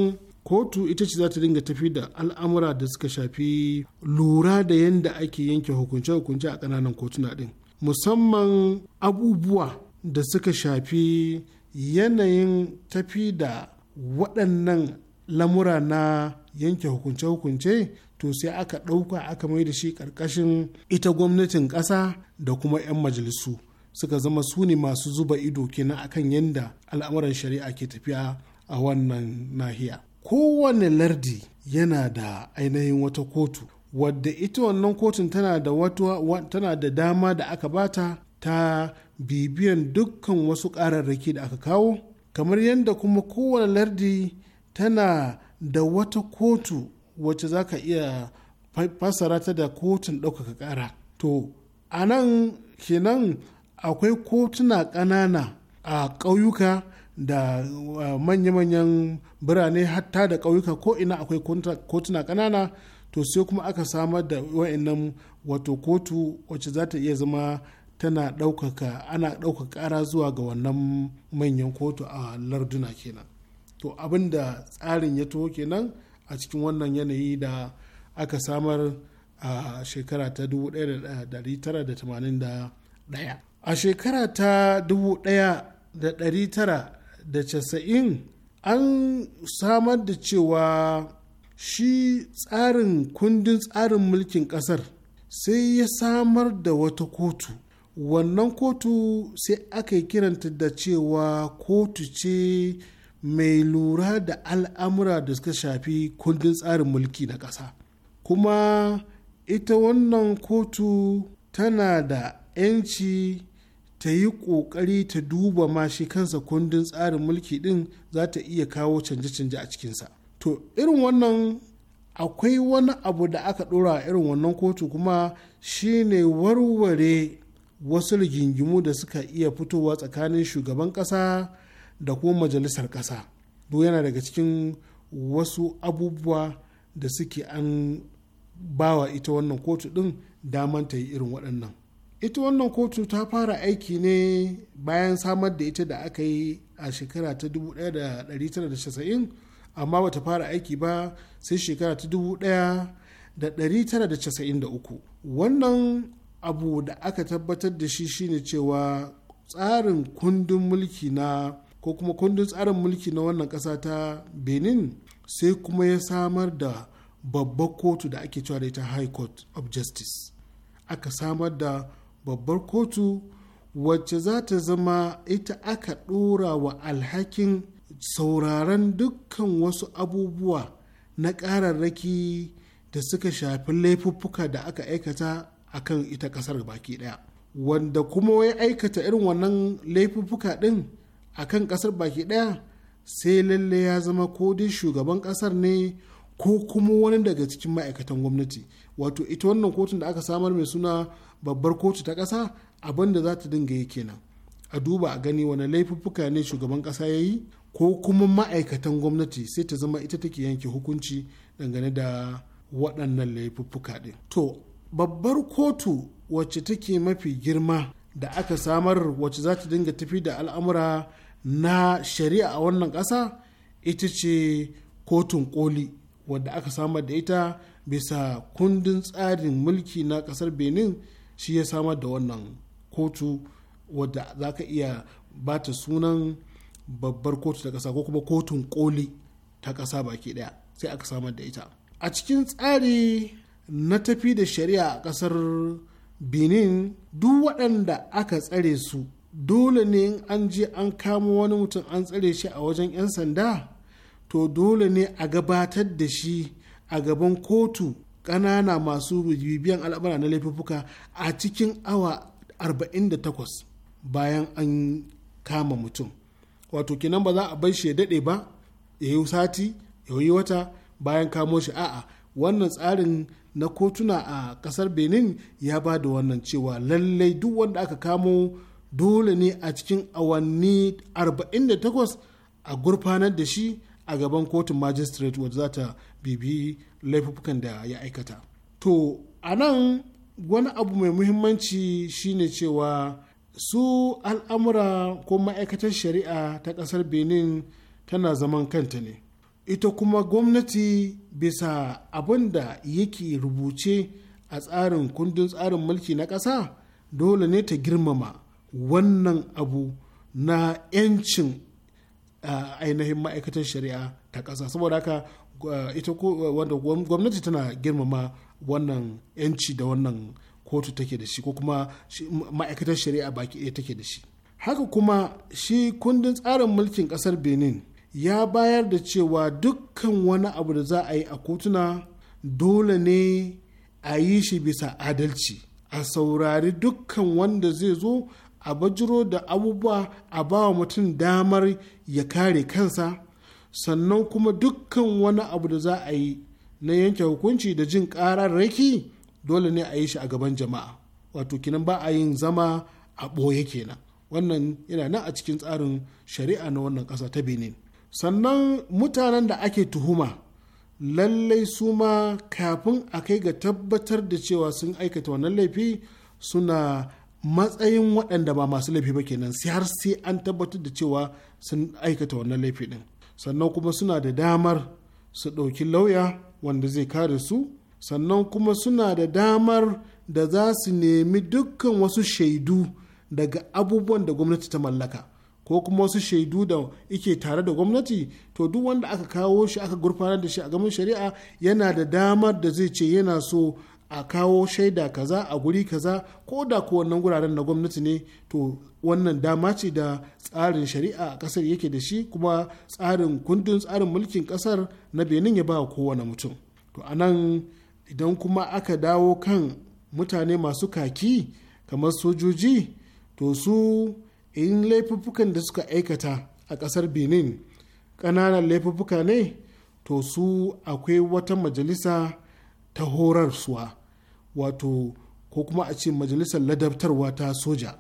Speaker 4: kotu ita ce za ta dinga tafi da al'amura da suka shafi lura da yadda ake yanke hukunce-hukunce a ƙananan kotuna ɗin musamman abubuwa da suka shafi yanayin tafi da waɗannan lamura na yanke hukunce-hukunce to sai aka ɗauka aka mai da shi ƙarƙashin ita gwamnatin ƙasa da kuma 'yan majalisu suka zama su ne masu zuba ido kenan akan yadda al'amuran shari'a ke tafiya a wannan nahiya kowane lardi yana da ainihin wata kotu wadda ita wannan kotun tana da wata tana da dama da aka bata ta bibiyan dukkan wasu ƙararraki da aka kawo kamar yadda kuma kowane lardi tana da wata kotu wacce za ka iya fassara ta da kotun ɗaukaka ƙara to a nan kenan akwai kotuna ƙanana a ƙauyuka da manya-manyan birane hatta da ƙauyuka ko ina akwai kotuna ƙanana to sai kuma aka samar da wa'annan wato kotu wacce za ta iya zama tana ɗaukaka ana ɗaukaka ƙara zuwa ga wannan manyan kotu a larduna kenan to abin da tsarin ya taho kenan a cikin wannan yanayi da aka samar a shekara ta 1981 a shekara ta 1990 an samar da cewa shi tsarin kundin tsarin mulkin ƙasar sai ya samar da wata kotu wannan kotu sai aka yi kiranta da cewa kotu ce mai lura da al'amura da suka shafi kundin tsarin mulki na ƙasa kuma ita wannan kotu tana da 'yanci ta yi ƙoƙari ta duba ma shi kansa kundin tsarin mulki ɗin za ta iya kawo canje-canje a cikinsa to irin wannan akwai wani abu da aka ɗora a irin wannan kotu kuma shi ne warware wasu rigingimu da suka iya fitowa tsakanin shugaban ƙasa da kuma majalisar ƙasa duk yana daga cikin wasu abubuwa da suke an bawa ita wannan kotu ɗin daman ta yi irin waɗannan ita wannan kotu ta fara aiki ne bayan samar da ita da aka yi a shekara ta 1990 amma bata fara aiki ba sai shekara ta 1993 wannan abu da aka tabbatar da shi shine cewa tsarin kundin mulki na ko kuma kundin tsarin mulki na wannan ƙasa ta benin sai kuma ya samar da babbar kotu da ake cewa da ita high court of justice aka samar da babbar kotu wacce za ta zama ita aka ɗora wa alhakin sauraron dukkan wasu abubuwa na ƙararraki da suka shafi laifuffuka da aka aikata a kan ita ƙasar baki ɗaya wanda kuma ya aikata irin wannan laifuffuka ɗin a kan ƙasar baki ɗaya sai lalle ya zama ko dai shugaban ƙasar ne ko kuma wani daga cikin ma'aikatan gwamnati wato ita wannan kotun da aka samar mai suna babbar kotu ta ƙasa abinda zata za ta dinga yi kenan a duba a gani wani laifuffuka ne shugaban ƙasa ya yi ko kuma ma'aikatan gwamnati sai ta zama ita take yanke hukunci dangane da waɗannan laifuffuka ɗin to babbar kotu wacce take mafi girma da aka samar wacce za ta dinga tafi da al'amura na shari'a a wannan ƙasa ita ce kotun koli wadda aka samar da ita bisa kundin tsarin mulki na kasar benin shi ya samar da wannan kotu wadda za ka iya ba ta sunan babbar kotu ta kasa ko kuma kotun koli ta kasa baki daya sai aka samar da ita a cikin tsari na tafi da shari'a a kasar benin duk waɗanda aka tsare su dole ne an je an kamo wani mutum an tsare shi a wajen 'yan sanda to dole ne a gabatar da shi a gaban kotu ƙanana masu bibiyan al'amura na laifuka a cikin awa 48 bayan an kama mutum wato kenan ba za a bar shi ya daɗe ba ya yi sati ya yi wata bayan kamo shi a'a wannan tsarin na kotuna a ƙasar benin ya ba da wannan cewa lallai duk wanda aka kamo dole ne a cikin awanni 48 a gurfanar da shi a gaban kotun magistrate wadda za ta bibi laifukan da ya aikata to a nan wani abu mai muhimmanci shine cewa su al'amura ko ma'aikatar shari'a ta ƙasar benin tana zaman kanta ne ita kuma gwamnati bisa abin da yake rubuce a tsarin kundin tsarin mulki na ƙasa dole ne ta girmama wannan abu na 'yancin ainihin ma'aikatan shari'a ta ƙasa saboda haka eh, ita eh, wanda gwamnati tana girmama wannan 'yanci da wannan kotu take da shi ko kuma ma'aikatar shari'a baki ɗaya take da shi haka kuma shi kundin tsarin mulkin ƙasar benin ya bayar da cewa dukkan wani abu da za a yi a kotuna dole ne a yi shi bisa adalci a saurari dukkan wanda zai zo a bajiro da abubuwa a ba wa mutum damar ya kare kansa sannan kuma dukkan wani abu da za a yi na yanke hukunci da jin ƙararraki dole ne a yi shi a gaban jama'a wato kinan ba a yin zama a ɓoye kenan wannan yana nan a cikin tsarin shari'a na wannan ƙasa ta benin sannan mutanen da ake tuhuma lallai su ma kafin a kai ga tabbatar da cewa sun aikata wannan laifi suna matsayin waɗanda ba masu laifi ba kenan sai har sai an tabbatar da cewa sun aikata wannan laifi ɗin sannan kuma suna da damar su ɗauki lauya wanda zai kare su sannan kuma suna da damar da za su nemi dukkan wasu shaidu daga abubuwan da gwamnati ta mallaka ko kuma wasu shaidu da ike tare da gwamnati to duk wanda aka kawo shi aka gurfanar da shi a gaban shari'a yana da damar da zai ce yana so a kawo shaida kaza a guri kaza ko da ko wannan guraren na gwamnati ne to wannan dama ce da tsarin shari'a a kasar yake da shi kuma tsarin kundin tsarin mulkin kasar na benin ya ba kowane mutum to anan idan kuma aka dawo kan mutane masu kaki kamar sojoji to su in laifuffukan da suka aikata a kasar benin ƙananan laifuffuka ne to su akwai wata majalisa ta horarsuwa wato ko kuma a ce majalisar ladabtarwa ta soja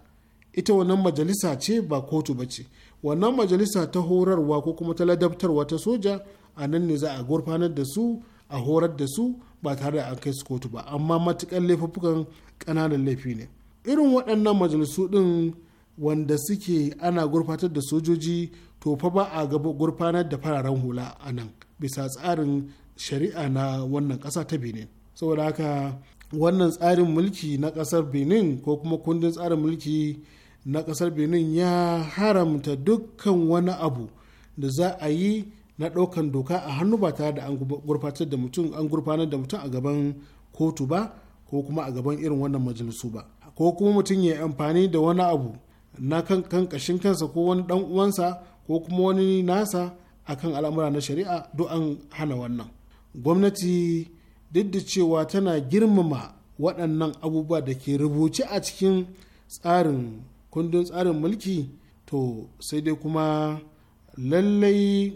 Speaker 4: ita wannan majalisa ce ba kotu ba ce wannan majalisa ta horarwa ko kuma ta ladabtarwa ta soja a nan ne za a gurfanar da su a horar da su ba tare da an kai su kotu ba amma matukan laifuffukan ƙananan laifi ne irin waɗannan majalisu ɗin wanda suke ana gurfatar da sojoji to fa ba a gaba gurfanar da fararen hula a nan bisa tsarin shari'a na wannan ƙasa ta benin saboda haka wannan tsarin mulki na kasar benin ko kuma kundin tsarin mulki na kasar benin ya haramta dukkan wani abu da za a yi na ɗaukan doka a hannu ba tare da an gurfanar da mutum an a gaban kotu ba ko kuma a gaban irin wannan majalisu ba ko kuma mutum ya amfani da wani abu na kan kashin kansa ko wani dan uwansa ko kuma wani nasa akan al'amura na shari'a duk an hana wannan gwamnati duk da cewa tana girmama waɗannan abubuwa da ke rubuce a cikin tsarin kundin tsarin mulki to sai dai kuma lallai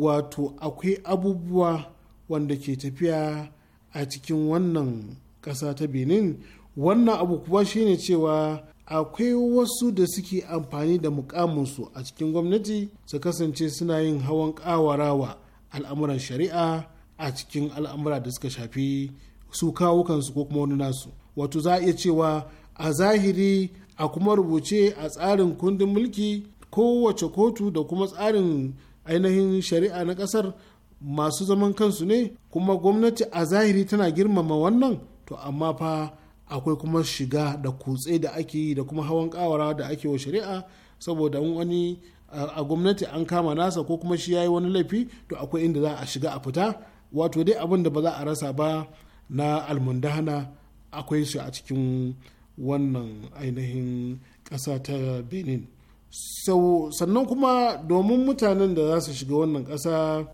Speaker 4: wato akwai abubuwa wanda ke tafiya a cikin wannan ƙasa ta benin wannan abu kuwa shine cewa akwai wasu da suke amfani da mukaminsu a cikin gwamnati su kasance suna yin hawan ƙawarawa al'amuran shari'a a cikin al'amura da suka shafi su kawo kansu ko kuma wani nasu wato za a iya cewa a zahiri a kuma rubuce a tsarin kundin mulki kowace kotu da kuma tsarin ainihin shari'a na kasar masu zaman kansu ne kuma gwamnati a zahiri tana girmama wannan to amma fa akwai kuma shiga da kutse da ake yi da kuma hawan kawara da ake wa shari'a saboda wani a gwamnati an kama nasa ko kuma shi ya yi wani laifi to akwai inda za a shiga a fita wato dai abin da ba za a rasa ba na almundahana akwai shi a cikin wannan ainihin ƙasa ta benin so, sannan kuma domin mutanen da za su shiga wannan ƙasa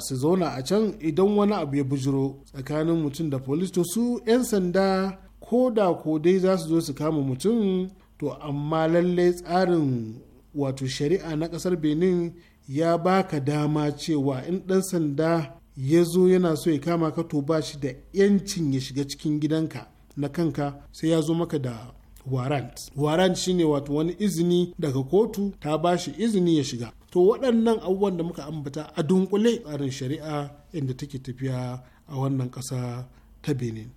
Speaker 4: su zauna a can idan wani abu ya bujiro tsakanin mutum da polis to su 'yan sanda ko da ko dai za su zo su kama mutum to amma lallai tsarin wato shari'a na ƙasar benin ya baka dama cewa in ɗan sanda ya zo yana so ya kama ka to ba shi da yancin ya shiga cikin gidanka na kanka sai ya zo maka da warrant warrant shine wato wani izini daga kotu ta ba shi izini ya shiga to waɗannan abubuwan da muka ambata a dunkule tsarin shari'a inda take tafiya a wannan ƙasa ta benin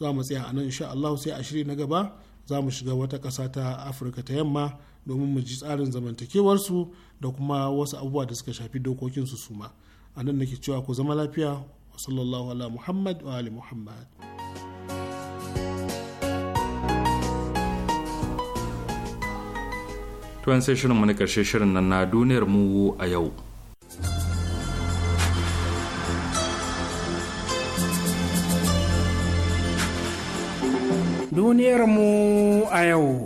Speaker 4: za mu tsaya a nan insha allahu sai a shiri na gaba za mu shiga wata ƙasa ta afirka ta yamma domin mu ji tsarin zamantakewarsu da kuma wasu abubuwa da suka shafi dokokinsu suma. a nan nake cewa ku zama lafiya wa sallallahu ala muhammad wa ali muhammad
Speaker 1: tuwan sai shirin na karshe shirin nan na duniyar mu a yau
Speaker 4: duniyar mu a yau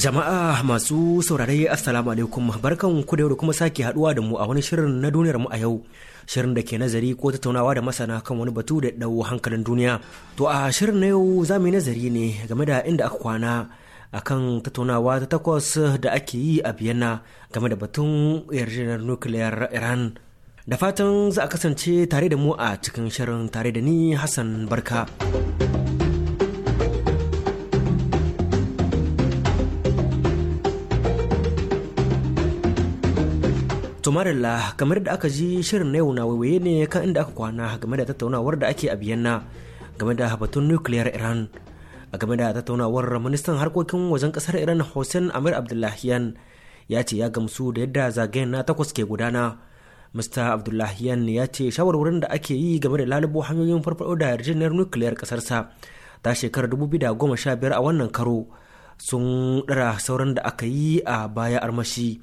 Speaker 3: Jama'a masu saurare Assalamu alaikum barkan ku da yau da kuma sake haduwa da mu a wani shirin na duniyar mu a yau shirin da ke nazari ko tattaunawa da masana kan wani batu da dau hankalin duniya to a shirin na yau za mu yi nazari ne game da inda aka kwana akan tattaunawa ta takwas da ake yi a biyana game da batun yarjejeniyar nukiliyar Iran da fatan za a kasance tare da mu a cikin shirin tare da ni Hassan Barka. To Marilla, kamar da aka ji shirin na yau na waiwaye ne kan inda aka kwana game da tattaunawar da ake a Vienna game da batun nukiliyar Iran. A game da tattaunawar ministan harkokin wajen kasar Iran Hussein Amir Abdullahiyan ya ce ya gamsu da yadda zagayen na takwas ke gudana. Mr. Abdullahiyan ya ce shawarwarin da ake yi game da lalubo hanyoyin farfaɗo da yarjejeniyar nukiliyar kasarsa ta shekarar 2015 a wannan karo sun ɗara sauran da aka yi a baya armashi.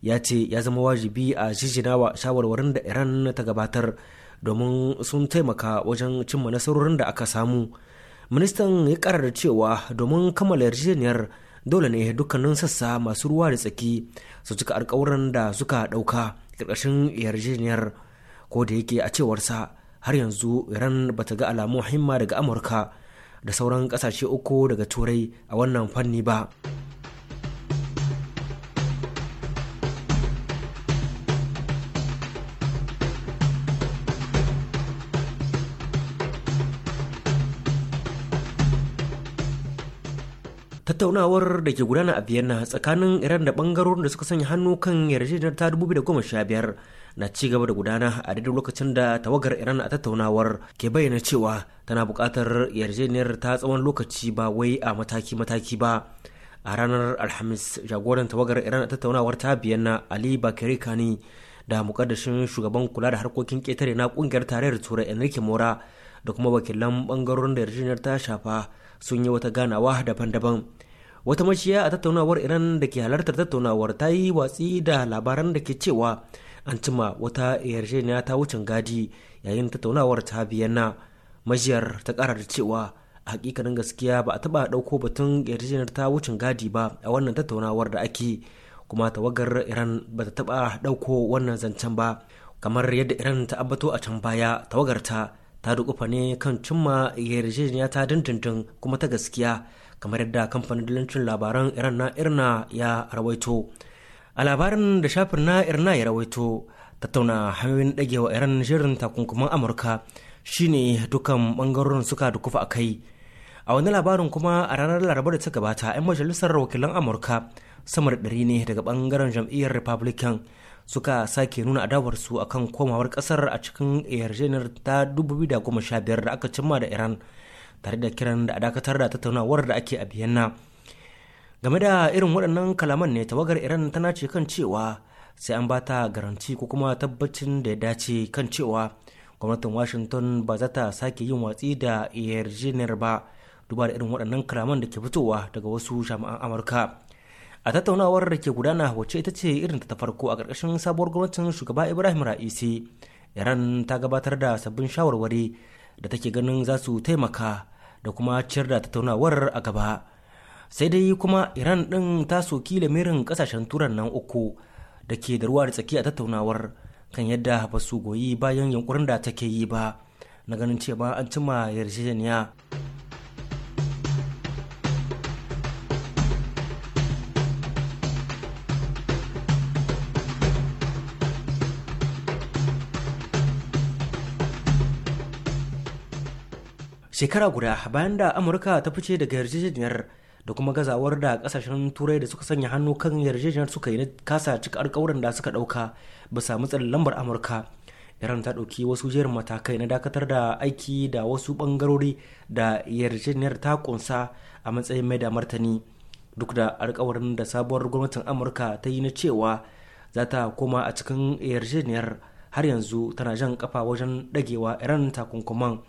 Speaker 3: ya ce ya zama wajibi a jijina wa shawarwarin da iran ta gabatar domin sun taimaka wajen cimma nasarorin da aka samu ministan ya karar da cewa domin kammala yarjejeniyar dole ne dukkanin sassa masu ruwa da tsaki su cika alkawuran da suka dauka karkashin yarjejeniyar ko da yake a cewarsa har yanzu iran ba ta ga alamun himma daga amurka da sauran kasashe uku daga turai a wannan fanni ba. tattaunawar da ke gudana a vienna tsakanin iran da bangarorin da suka sanya hannu kan yarjejeniyar ta 2015 na ci gaba da gudana a daidai lokacin da tawagar iran a tattaunawar ke bayyana cewa tana bukatar yarjejeniyar ta tsawon lokaci ba wai a mataki-mataki ba a ranar alhamis jagoran tawagar iran a tattaunawar ta vienna ali bakari kani da mukaddashin shugaban kula da harkokin ketare na kungiyar tarayyar turai enrique mora da kuma wakilan bangarorin da yarjejeniyar ta shafa sun yi wata ganawa daban-daban wata maciya a tattaunawar iran da ke halartar tattaunawar ta yi watsi da labaran da ke cewa an cima wata yarjejeniya ta wucin gadi yayin tattaunawar ta na majiyar ta kara da cewa a hakikanin gaskiya ba a taba dauko batun yarjejeniyar ta wucin gadi ba a wannan tattaunawar da ake kuma tawagar iran ba ta taba dauko wannan zancen ba kamar yadda iran ta ambato a can baya tawagar ta ta dukufa ne kan cimma yarjejeniya ta dindindin kuma ta gaskiya kamar yadda kamfanin dalancin labaran iran na irna ya rawaito a labarin da shafin na irna ya rawaito tattauna hanyoyin dagewa iran shirin takunkuman amurka shine dukan bangarorin suka dukufa a kai a wani labarin kuma a ranar laraba da ta gabata 'yan majalisar wakilan amurka sama da ɗari ne daga bangaren jam'iyyar republican suka sake nuna adawarsu akan komawar kasar a cikin yarjejeniyar ta 2015 da aka cimma da iran tare da kiran da dakatar da tattaunawar da ake a biyanna game da irin waɗannan kalaman ne tawagar iran tana ce kan cewa sai an ba ta garanti ko kuma tabbacin da ya dace kan cewa gwamnatin washington ba za ta sake yin watsi da yarjejeniyar ba duba da irin waɗannan kalaman da ke fitowa daga wasu jami'an amurka a tattaunawar da ke gudana wacce ita ce irin ta farko a ƙarƙashin sabuwar gwamnatin shugaba ibrahim ra'isi iran ta gabatar da sabbin shawarwari da take ganin za su taimaka da kuma ciyar da tattaunawar a gaba sai dai kuma iran ɗin ta soki lamirin ƙasashen turan nan uku da ke da ruwa da tsaki a tattaunawar kan yadda ba su goyi bayan yunkurin da take yi ba na ganin cewa an cimma yarjejeniya shekara guda bayan da amurka ta fice daga yarjejeniyar da kuma gazawar da kasashen turai da suka sanya hannu kan yarjejeniyar suka yi na kasa cika alkawuran da suka dauka bisa matsalar lambar amurka iran ta ɗauki wasu jerin matakai na dakatar da aiki da wasu bangarori da yarjejeniyar ta kunsa a matsayin mai da martani duk da alkawarin da sabuwar gwamnatin amurka ta yi na cewa za ta koma a cikin yarjejeniyar har yanzu tana jan kafa wajen dagewa iran takunkuman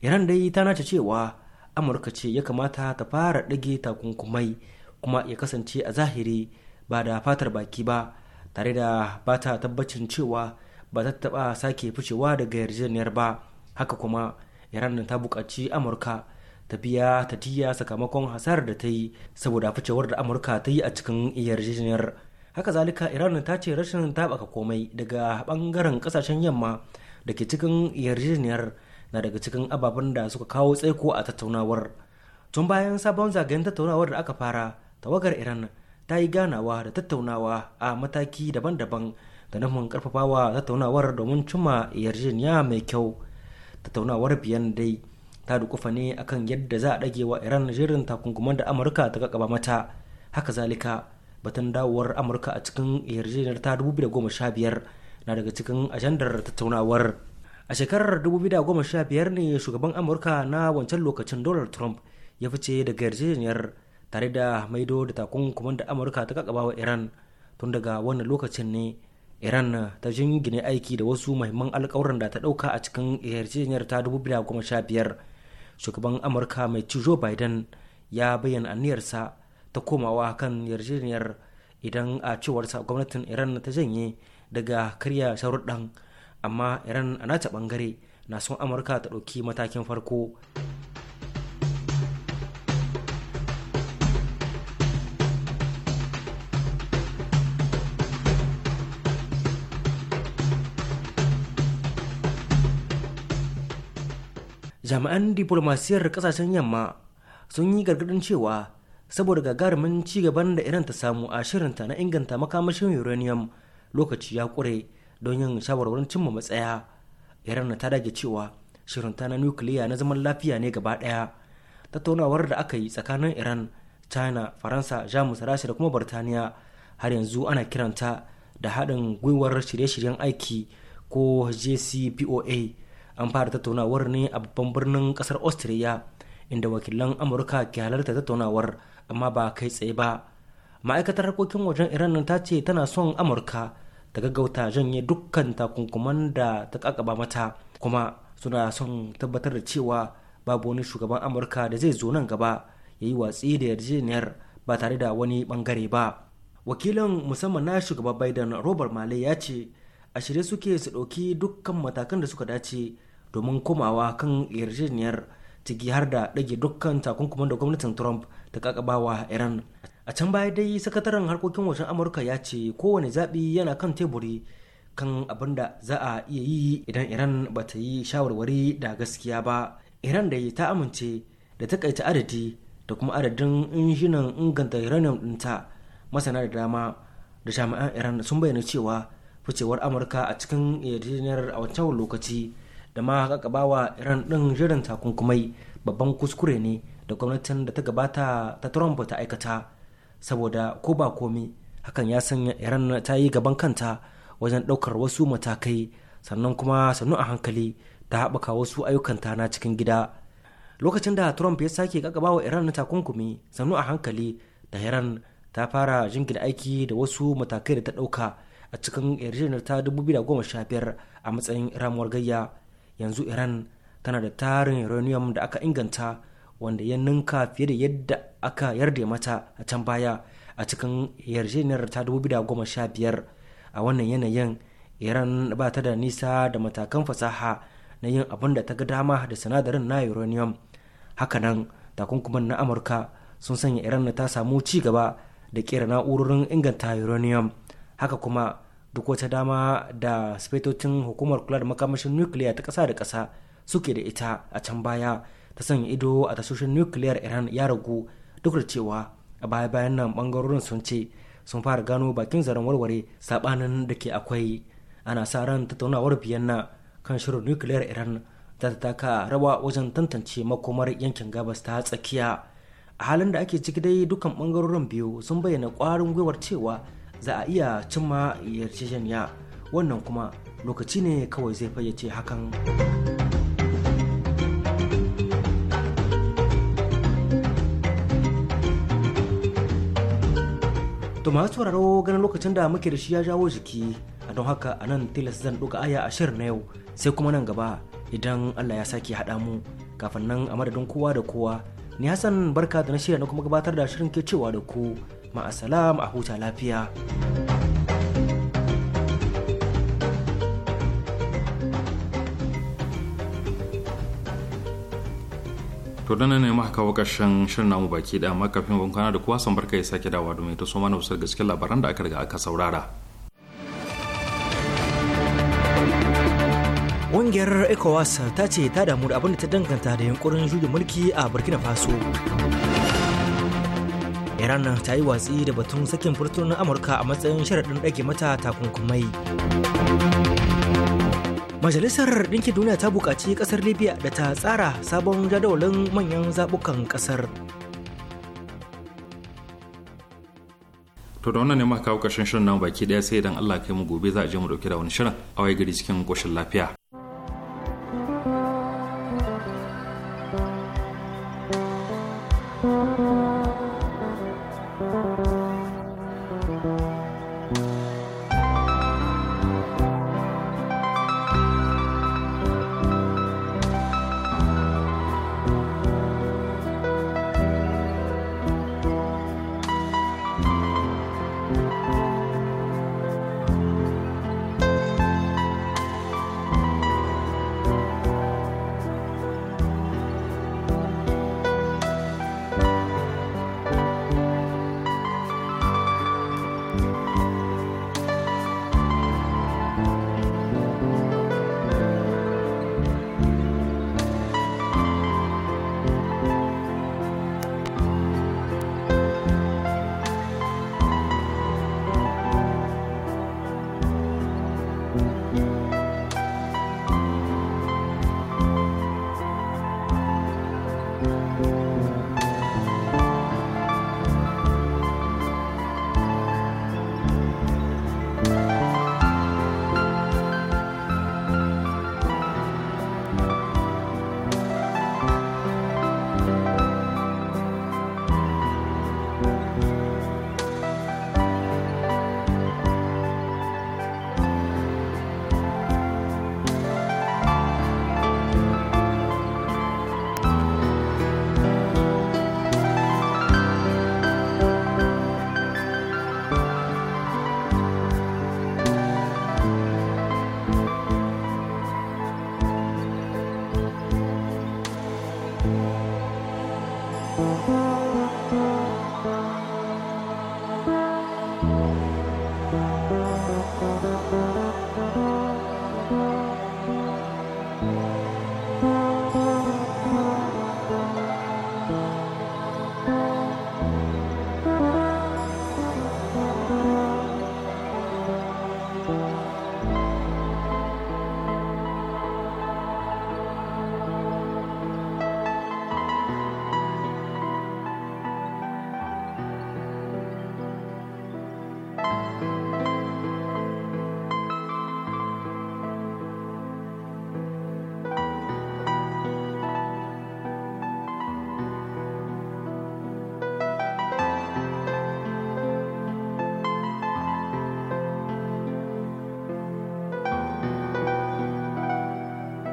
Speaker 3: iran dai ta nace cewa amurka ce ya kamata ta fara ɗage takunkumai kuma ya kasance a zahiri ba da fatar baki ba tare da ba ta tabbacin cewa ba ta taɓa sake ficewa daga yarjejeniyar ba haka kuma iran ta buƙaci amurka ta biya ta jiya sakamakon hasarar da ta yi saboda ficewar da amurka ta yi a cikin yarjejeniyar haka zalika iran ta ce rashin taɓaka komai daga ɓangaren ƙasashen yamma da ke cikin yarjejeniyar na daga cikin ababen da suka kawo tsaiko a tattaunawar tun bayan sabon zagayen tattaunawar da aka fara tawagar iran ta yi ganawa da tattaunawa a mataki daban-daban da nufin karfafawa tattaunawar domin cimma yarjejeniya mai kyau tattaunawar biyan dai ta dukufa ne akan yadda za a dage wa iran jirin takunkuman da amurka ta kakaba mata haka zalika batun dawowar amurka a cikin yarjejeniyar ta biyar na daga cikin ajandar tattaunawar a shekarar 2015 ne shugaban amurka na wancan lokacin donald trump ya fice daga yarjejeniyar tare da maido da takunkuman da amurka ta kakaba wa iran tun daga wannan lokacin ne iran ta jingine aiki da wasu mahimman alkawuran da ta dauka a cikin yarjejeniyar ta 2015 shugaban amurka mai ci joe biden ya bayyana aniyarsa ta komawa kan yarjejeniyar idan a cewarsa gwamnatin iran ta janye daga karya sharuɗan amma iran a nata bangare na son amurka ta ɗauki matakin farko jami'an diplomasiyar kasashen yamma sun yi gargadin cewa saboda gagarumin cigaban da iran ta samu a shirinta na inganta makamashin uranium lokaci ya kure don yin shawarwarin cimma matsaya iran ta dage cewa shirinta na nukiliya na zaman lafiya ne gaba daya tattaunawar da aka yi tsakanin iran china faransa jamus rasha da kuma birtaniya har yanzu ana kiranta da haɗin gwiwar shirye-shiryen aiki ko jcpoa an fara tattaunawar ne a babban birnin ƙasar austria inda wakilan amurka ke halarta tattaunawar amma ba kai tsaye ba ma'aikatar harkokin wajen iran ta ce tana son amurka ta gaggauta janye dukkan takunkuman da ta kakaba mata kuma suna son tabbatar da cewa babu wani shugaban amurka da zai zo nan gaba ya yi watsi da yarjejeniyar ba tare da wani bangare ba wakilin musamman na shugaban biden robert male ya ce a shirye suke su ɗauki dukkan matakan da suka dace domin komawa kan yarjejeniyar ciki har da ɗage dukkan takunkuman da gwamnatin trump ta kakabawa iran a can baya dai sakataren harkokin wajen amurka ya ce kowane zaɓi yana kan teburi kan abin da za a iya yi idan iran ba ta yi shawarwari da gaskiya ba iran da ta amince da takaita adadi da kuma adadin injinan inganta uranium ɗinta masana da dama da jami'an iran sun bayyana cewa ficewar amurka a cikin yarjejeniyar a wancan lokaci da ma kakabawa iran ɗin shirin takunkumai babban kuskure ne da gwamnatin da ta gabata ta trump ta aikata saboda ko ba komi hakan ya sanya iran ta yi gaban kanta wajen ɗaukar wasu matakai sannan kuma sannu a hankali ta haɓaka wasu ayyukanta na cikin gida lokacin da trump ya sake gagaba wa iran na takunkumi sannu a hankali da iran ta fara jingina aiki da wasu matakai da ta ɗauka a cikin yarjejeniyar ta 2015 a matsayin ramuwar gayya yanzu iran tana da tarin uranium da aka inganta wanda ya ninka fiye da yadda aka yarda mata a can baya a cikin yarjejeniyar ta sha biyar a wannan yanayin iran ba ta da nisa da matakan fasaha na yin abin da ta ga dama da sinadarin na uranium hakanan takunkuman na amurka sun sanya iran ta samu ci gaba da kera na'urorin inganta uranium haka kuma duk wata dama da sifetocin hukumar kula da makamashin nukiliya ta kasa da ƙasa suke da ita a can baya ta sanya ido a tasoshin nukiliyar iran ya ragu duk da cewa a baya bayan nan bangarorin sun ce sun fara gano bakin zaren warware sabanin da ke akwai ana sa ran tattaunawar biyanna kan shirin nukiliyar iran za ta taka rawa wajen tantance makomar yankin gabas ta tsakiya a halin da ake ciki dai dukkan bangarorin biyu sun bayyana kwarin gwiwar cewa za a iya cimma yarjejeniya wannan kuma lokaci ne kawai zai fayyace hakan. To masu sauraro ganin lokacin da muke da shi ya jawo jiki a don haka a nan tilas zan ɗuga aya a shirin na yau sai kuma nan gaba idan Allah ya sake haɗa mu kafin nan a madadin kowa da kowa ni Hassan barka da na shirya na kuma gabatar da shirin ke cewa da ku ma'asalam a huta lafiya.
Speaker 1: to da ne muka kawo shirin namu baki da amma kafin ban kwana da kuwa san barka ya sake dawa domin ta so mana wasu gaske labaran da aka riga aka saurara
Speaker 3: Ƙungiyar ECOWAS ta ce ta damu da abin da ta danganta da yunkurin juyin mulki a Burkina Faso. Iran ta yi watsi da batun sakin furtunan Amurka a matsayin sharaɗin ɗage mata takunkumai. majalisar ɗinkin duniya ta buƙaci ƙasar libya da ta tsara sabon jadawalin manyan zaɓukan ƙasar
Speaker 1: to da wannan ne muka kawo ƙarshen shirin nan baki ɗaya sai idan allah kai mu gobe za a je mu ɗauki da wani shirin a wai gari cikin ƙoshin lafiya